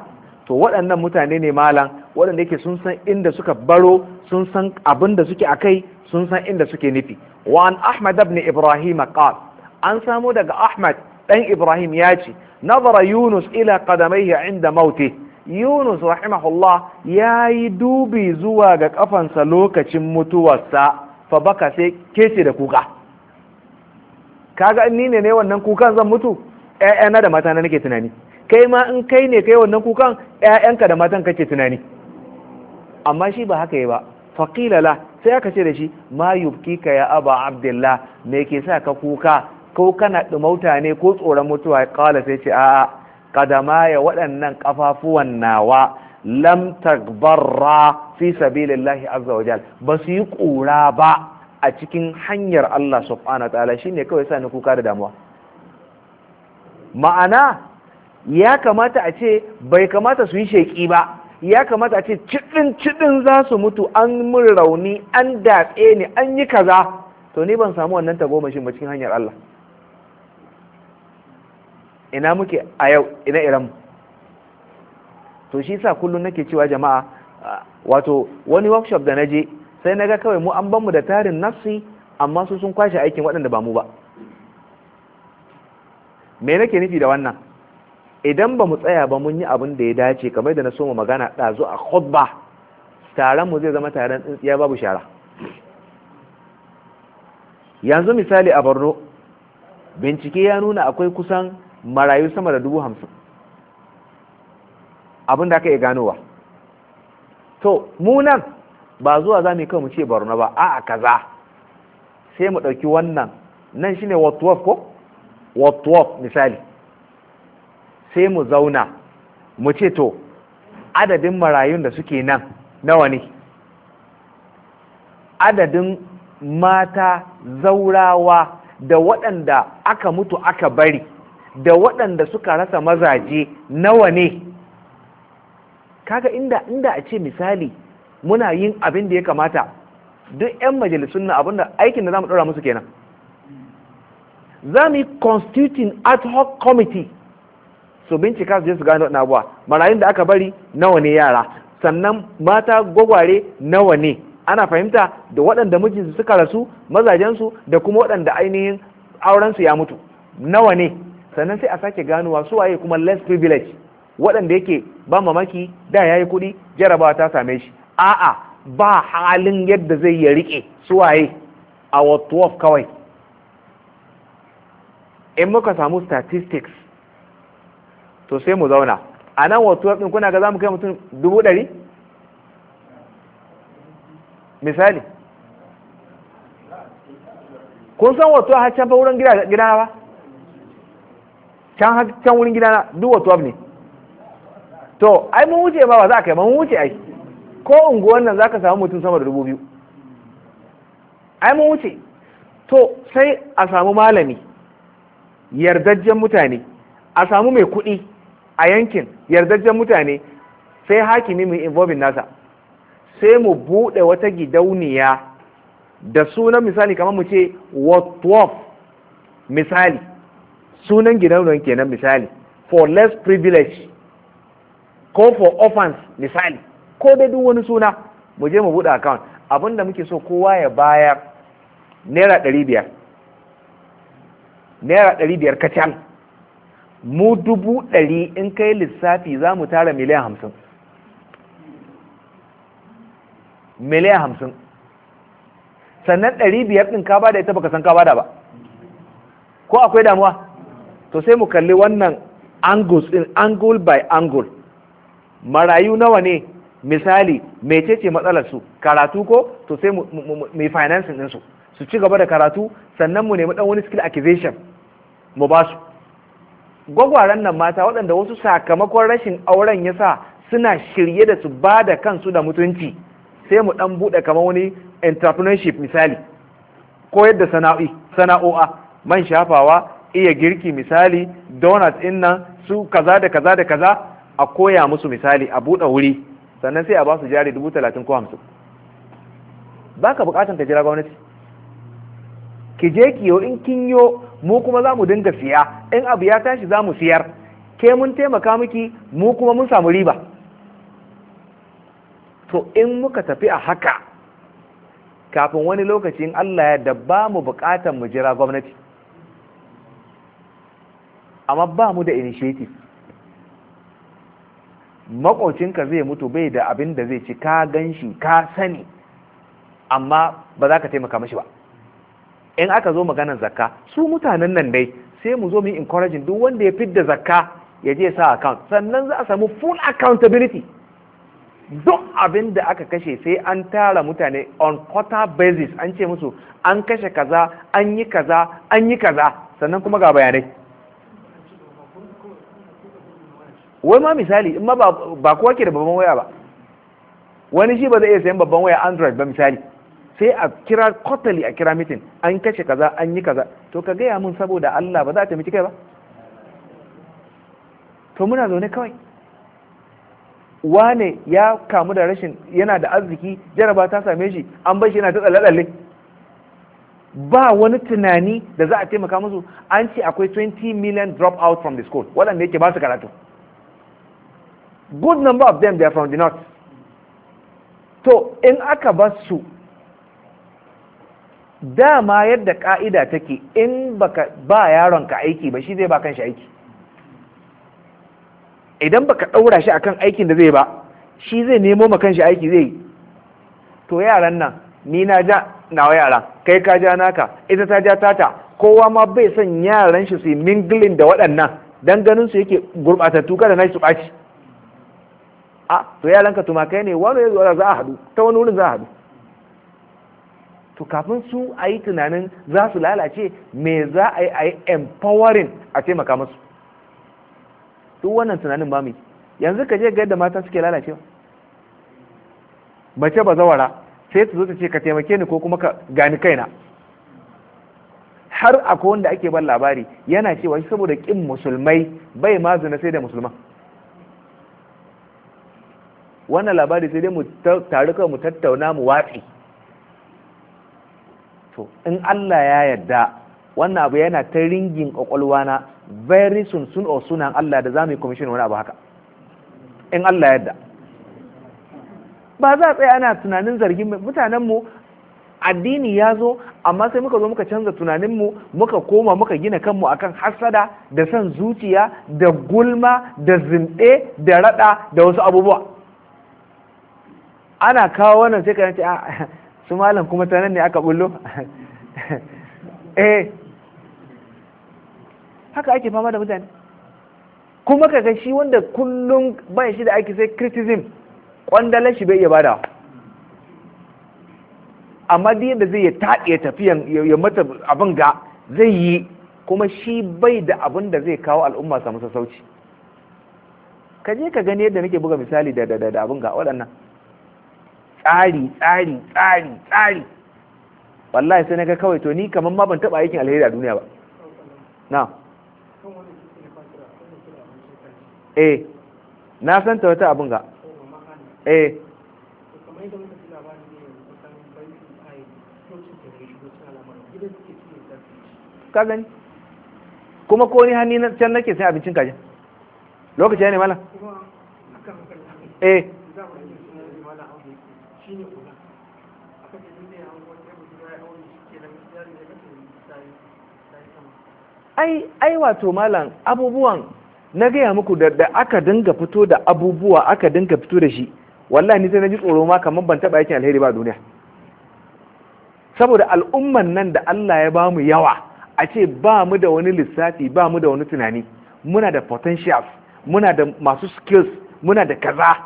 to waɗannan mutane ne malam waɗanda yake sun san inda suka baro sun san abin da suke akai sun san inda suke nufi wa an ahmad ibn ibrahim qal an samu daga ahmad dan ibrahim ya ce nazara yunus ila qadamaihi inda mauti yunus rahimahullah yayi dubi zuwa ga kafansa lokacin mutuwarsa fa baka sai kece da kuka Ka ga ni ne ne wannan kukan zan mutu ƴaƴana da na nake tunani kai ma in kai ne kai wannan kukan ƴaƴanka da matan kake tunani amma shi ba haka yi ba faqila la sai aka ce da shi ma yubkika ya aba abdullah me ke sa ka kuka ko kana dumauta ne ko tsoron mutuwa kala sai ce a'a kadama ya waɗannan ƙafafuwan nawa lam tagbarra fi sabilillahi azza wajal ba su yi ƙura ba a cikin hanyar Allah subhanahu ta'ala shine kawai sa ni kuka da damuwa ma'ana ya kamata a ce bai kamata su yi sheki ba ya kamata a ce cidin cidin za su mutu an mun rauni an datse ni an yi kaza to ni ban samu wannan tagomashin ba cikin hanyar Allah ina muke a yau ina iran to shi sa kullum nake cewa jama'a wato wani workshop da na je sai na ga kawai mu an banmu da tarin nafsi amma su sun kwashe aikin waɗanda ba mu ba me nake nufi da wannan idan ba mu tsaya ba mun yi abin da ya dace kamar da na so mu magana ɗazu a khutba taron mu zai zama taron tsintsiya babu shara yanzu misali a borno bincike ya nuna akwai kusan marayu sama da dubu hamsin abin da aka iya ganowa to munan ba zuwa za mu yi mu ce barna ba a'a kaza sai mu ɗauki wannan nan shi shine watuwaf ko watuwaf misali sai mu zauna mu ce to adadin marayun da suke nan nawa ne adadin mata zaurawa da waɗanda aka mutu aka bari da waɗanda suka rasa mazaje nawa ne kaga inda a ce misali muna yin abin da ya kamata duk 'yan majalisun na abin da aikin da za mu ɗora musu kenan za mu yi constituting ad hoc committee su bincika su je su gano na abuwa marayun da aka bari nawa ne yara sannan mata gwagware nawa ne ana fahimta da waɗanda mijinsu suka rasu mazajensu da kuma waɗanda ainihin aurensu ya mutu nawa ne sannan sai a sake ganowa su waye kuma less privilege waɗanda yake ba mamaki da ya yi kuɗi jarabawa ta same shi a'a ba halin yadda zai ya rike suwaye a watuwaf kawai in muka samu statistics to sai mu zauna a nan watuwaf ɗin kuna ga za mu kai mutum dubu ɗari misali kun san watuwaf har can fa wurin gida ba can har can wurin na duk watuwaf ne to ai mun wuce ba ba za a kai mun wuce ai ko unguwar nan zaka samu mutum sama da dubu biyu ai mun wuce to sai a samu malami yardajjen mutane a samu mai kuɗi a yankin yardajjen mutane sai hakimi mai involving nasa sai mu buɗe wata gidauniya da sunan misali kamar mu ce wotwof misali sunan gidauniyar kenan misali for less privilege ko for offense misali ko da duk wani suna mu je mu buɗe account abinda muke so kowa ya bayar naira ɗari biyar naira ɗari biyar kacal mu dubu ɗari in kai lissafi za mu tara miliyan hamsin miliyan hamsin sannan ɗari biyar ɗin ka bada ita baka san ka bada ba ko akwai damuwa to sai mu kalli wannan angles in angle by angle marayu nawa ne misali mecece matsalar su karatu ko to sai mu financing ɗinsu su ci gaba da karatu sannan mu nemi ɗan wani skill acquisition mu ba su gwagwaran nan mata waɗanda wasu sakamakon rashin auren ya sa suna shirye da su ba da kansu da mutunci sai mu ɗan buɗe kamar wani entrepreneurship misali koyar da sana'o'i sana'o'a man shafawa iya girki misali donuts ɗin nan su kaza da kaza da kaza a koya musu misali a buɗe wuri sannan sai a ba su jari dubu talatin ko hamsin ba ka bukatan ta jira gwamnati ki je ki in kin yo mu kuma za mu dinga siya in abu ya tashi za mu siyar ke mun taimaka miki mu kuma mun samu riba to in muka tafi a haka kafin wani lokaci in Allah ya dabba mu bukatan mu jira gwamnati amma ba mu da initiative makocinka zai mutu bai da abin da zai ci ka gan shi ka sani amma ba za ka taimaka mashi ba in aka zo maganar zakka su mutanen nan dai sai mu zo mu yi encouraging duk wanda ya fidda zakka ya je sa account sannan za a samu full accountability duk abin da aka kashe sai an tara mutane on quarter basis an ce musu an kashe kaza an yi kaza an yi kaza sannan kuma ga bayanai wai ma misali in ma ba kowa ke da babban waya ba wani shi ba zai iya sayan babban waya android ba misali sai a kira kwatali a kira mitin an kashe kaza an yi kaza to ka gaya mun saboda Allah ba za a taimaki kai ba to muna zaune kawai wane ya kamu da rashin yana da arziki jaraba ta same shi an bashi shi yana ta tsalle-tsalle ba wani tunani da za a taimaka musu an ce akwai 20 million drop out from the school waɗanda yake ba su karatu good number of them they are from the north to in aka basu su dama yadda ka'ida take in baka ba ka aiki ba shi zai ba kanshi aiki idan baka ɗaura shi akan aikin da zai ba shi zai nemo ma kanshi aiki zai to yaran nan ni na ja nawa yaran kai ka ja naka ita ta ja tata kowa ma bai son yaran shi su yi mingilin da waɗannan dan ganin su yake gurɓatattu kada na su ɓaci a to ka tumakai ne wani ya zuwa za a haɗu ta wani wurin za a haɗu to kafin su a yi tunanin za su lalace me za a yi a yi empowering a taimaka masu duk wannan tunanin ba mai yanzu ka je ga yadda mata suke lalacewa mace ba zawara sai ta zo ta ce ka taimake ni ko kuma ka gani kaina har akwai wanda ake ban labari yana cewa saboda kin musulmai bai ma zina sai da musulman wannan labari sai dai mu tare kawai mu tattauna mu watsi to in Allah ya yarda wannan abu yana ta ringin kwakwalwa na very soon soon or sunan Allah da zamu yi commission wani abu haka in Allah ya yarda ba za a tsaya ana tunanin zargin mutanen mu addini ya zo amma sai muka zo muka canza tunanin mu muka koma muka gina kanmu akan hasada da son zuciya da gulma da zinde da rada da wasu abubuwa ana kawo wannan sai ka a ah, su malam kuma ta nan ne aka bullo [laughs] eh haka ake fama da mutane kuma kaga shi wanda kullum bai shi da ake sai criticism kwandalar shi bai iya badawa amma duk yadda zai ya taɗe tafiyan ya mata abin ga zai yi kuma shi bai da abin da zai kawo al'umma samu sassauci ka je ka gani yadda nake buga misali da da abin ga waɗannan tsari tsari tsari tsari wallahi sai naga kawai to ni kamar ma ban taba aikin alheri a duniya ba na eh na san ta wata abun ga eh ka gani kuma ko ni hannu can nake sai abincin kaji. lokaci ne mala eh ai ai wato malam abubuwan na gaya muku da da aka dinga fito da abubuwa aka dinga fito da shi wallahi ni sai na ji tsoro ma kamar ban taba yakin alheri ba duniya saboda al'umman nan da Allah ya bamu yawa a ce ba mu da wani lissafi ba mu da wani tunani muna da potentials muna da masu skills muna da kaza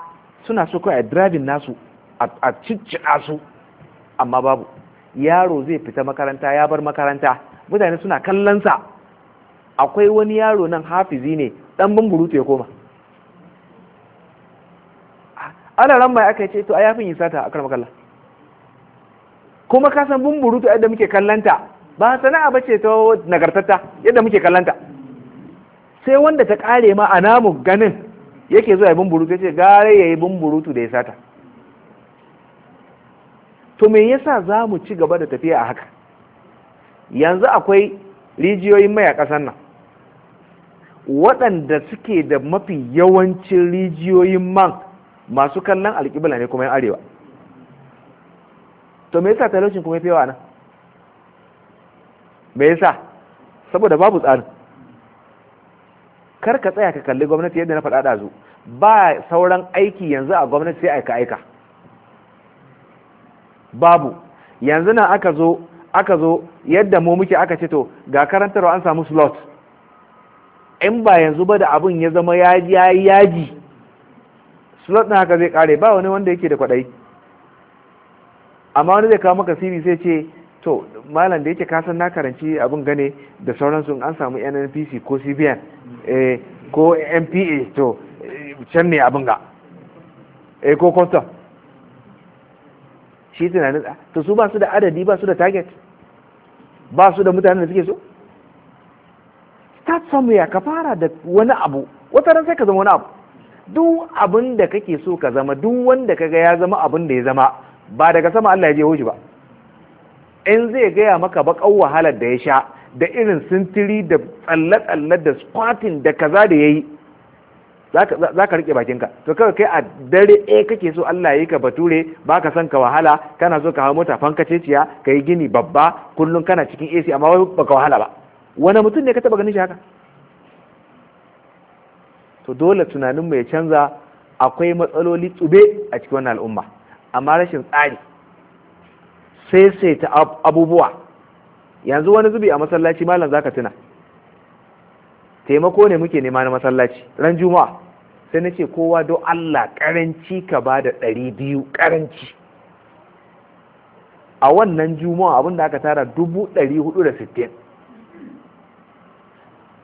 suna so kawai a driving nasu a ciccina su amma babu yaro zai fita makaranta ya bar makaranta mutane suna kallon sa. akwai wani yaro nan hafizi ne dan bumburutu ya koma ana ran mai aka ce to a yafin sata a karmakalla kuma ka san bumburutu yadda muke kallanta ba sana'a ba ce ta nagartatta yadda muke kallanta sai wanda ta kare ma a namu ganin yake zuwa ya bumburutu ya ce gare ya yi bumburutu da ya sata to me yasa za mu ci gaba da tafiya a haka yanzu akwai rijiyoyin mai a ƙasar nan waɗanda suke da mafi yawancin rijiyoyin man masu kallon alƙibla ne kuma yan arewa to me yasa talaucin kuma yawa nan me yasa saboda babu tsarin kar ka tsaya ka kalli gwamnati yadda na faɗaɗa zu, ba sauran aiki yanzu a gwamnati sai aika aika babu yanzu na aka zo aka zo yadda mu muke aka ce to ga karantarwa an samu slot in ba yanzu ba da abin ya zama yaji yayi yaji slot na haka zai kare ba wani wanda yake da kwadai amma wani zai kawo maka CV sai ce to malam da yake kasan na karanci abin gane da sauransu an samu nnpc ko cbn eh, ko mpa to can ne abin ga eh ko custom shi tunanin ah, to su ba su da adadi ba su da target ba su da mutanen da suke so ya ka fara da wani abu wata ran sai ka zama wani abu duk abin da kake so ka zama duk wanda ka ga ya zama abin da ya zama ba daga sama Allah ya je hoji ba in zai gaya maka baƙar wahalar da ya sha da irin sintiri da tsalle-tsalle da squatting da kaza da yayi za ka rike bakinka to kawai kai a dare e kake so Allah ya yi ka bature ba ka son ka wahala kana so ka hau mota ceciya ka yi gini babba kullum kana cikin AC amma ba baka wahala ba wani mutum ne ka taba ganin shi haka to dole tunanin mu ya canza akwai matsaloli tsube a cikin wannan al'umma amma rashin tsari sai sai ta abubuwa yanzu wani zubi a masallaci malam zaka tuna taimako ne muke nema na masallaci ran juma'a sai na ce kowa don allah karanci ka ba da ɗari biyu karanci a wannan juma'a abin da aka tara dubu ɗari hudu da sittin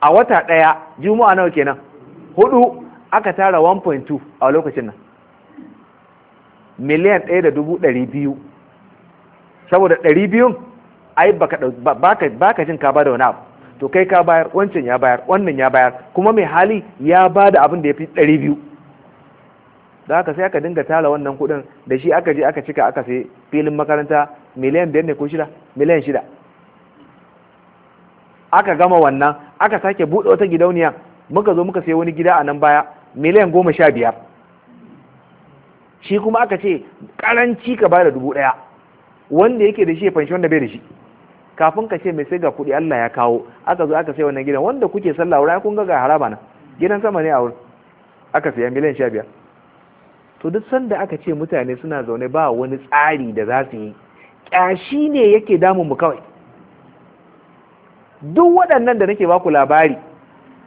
a wata ɗaya juma'a nawa kenan hudu aka tara 1.2 a lokacin nan miliyan 1,200 saboda 200 ai baka jin ka bada wani abu to kai ka bayar wancan ya bayar wannan ya bayar kuma mai hali ya bada abin da ya fi 200 da haka sai aka dinga tara wannan kudin da shi aka je aka cika aka sai filin makaranta miliyan 5 ne ko shida miliyan shida aka gama wannan aka sake buɗe wata gidauniya muka zo muka sayi wani gida a nan baya miliyan goma sha biyar shi kuma aka ce karanci ka bada dubu ɗaya wanda yake da shi ya fanshi wanda bai da shi kafin ka ce mai sai ga kuɗi Allah ya kawo aka zo aka sai wannan gidan wanda kuke sallah wurin kun ga ga haraba na gidan sama ne a wurin aka saya miliyan sha biyar to duk sanda aka ce mutane suna zaune ba wani tsari da za su yi ƙyashi ne yake damun mu kawai duk waɗannan da nake baku labari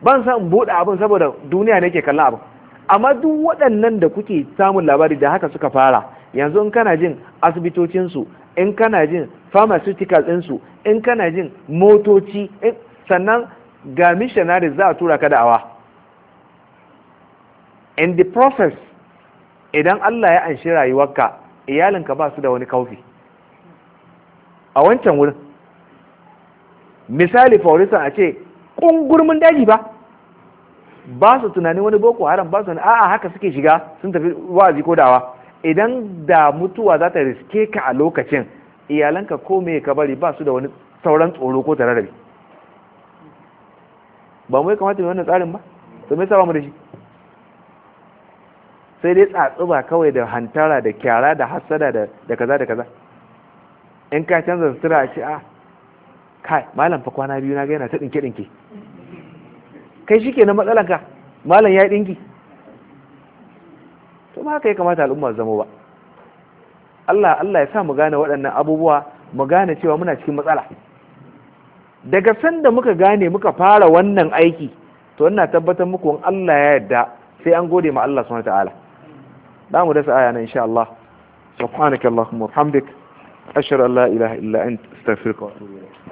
ban san in buɗe abin saboda duniya ne ke kallon abin amma duk waɗannan da kuke samun labari da haka suka fara yanzu in kana jin asibitocinsu in kana jin pharmaceutical ɗinsu in kana jin motoci sannan ga missionaries za a tura ka da'awa in the process idan Allah ya anshi rayuwarka iyalinka ba su da wani kaufi a wancan wurin misali for a ce ƙungurmin daji ba ba su tunanin wani boko haram ba su a'a haka suke shiga sun tafi wa'azi ko dawa idan da mutuwa za ta riske ka a lokacin iyalanka ko me ka bari ba su da wani sauran tsoro ko tararrabi ba mu kamata mai wannan tsarin ba to me yasa mu da shi sai dai tsatsuba kawai da hantara da kyara da hassada da kaza da kaza in ka canza sutura a ce a ah, kai malam fa kwana biyu na ga yana ta dinke dinke kai shi kenan ka malam ya dinki to ma kai kamata al'umma zama ba Allah Allah ya sa mu gane waɗannan abubuwa mu gane cewa muna cikin matsala daga sanda muka gane muka fara wannan aiki to ina tabbatar muku in Allah ya yarda sai an gode ma Allah subhanahu ta'ala da mu dasa aya nan insha Allah subhanakallahumma wa bihamdik ashhadu an la ilaha illa anta astaghfiruka wa atubu ilayk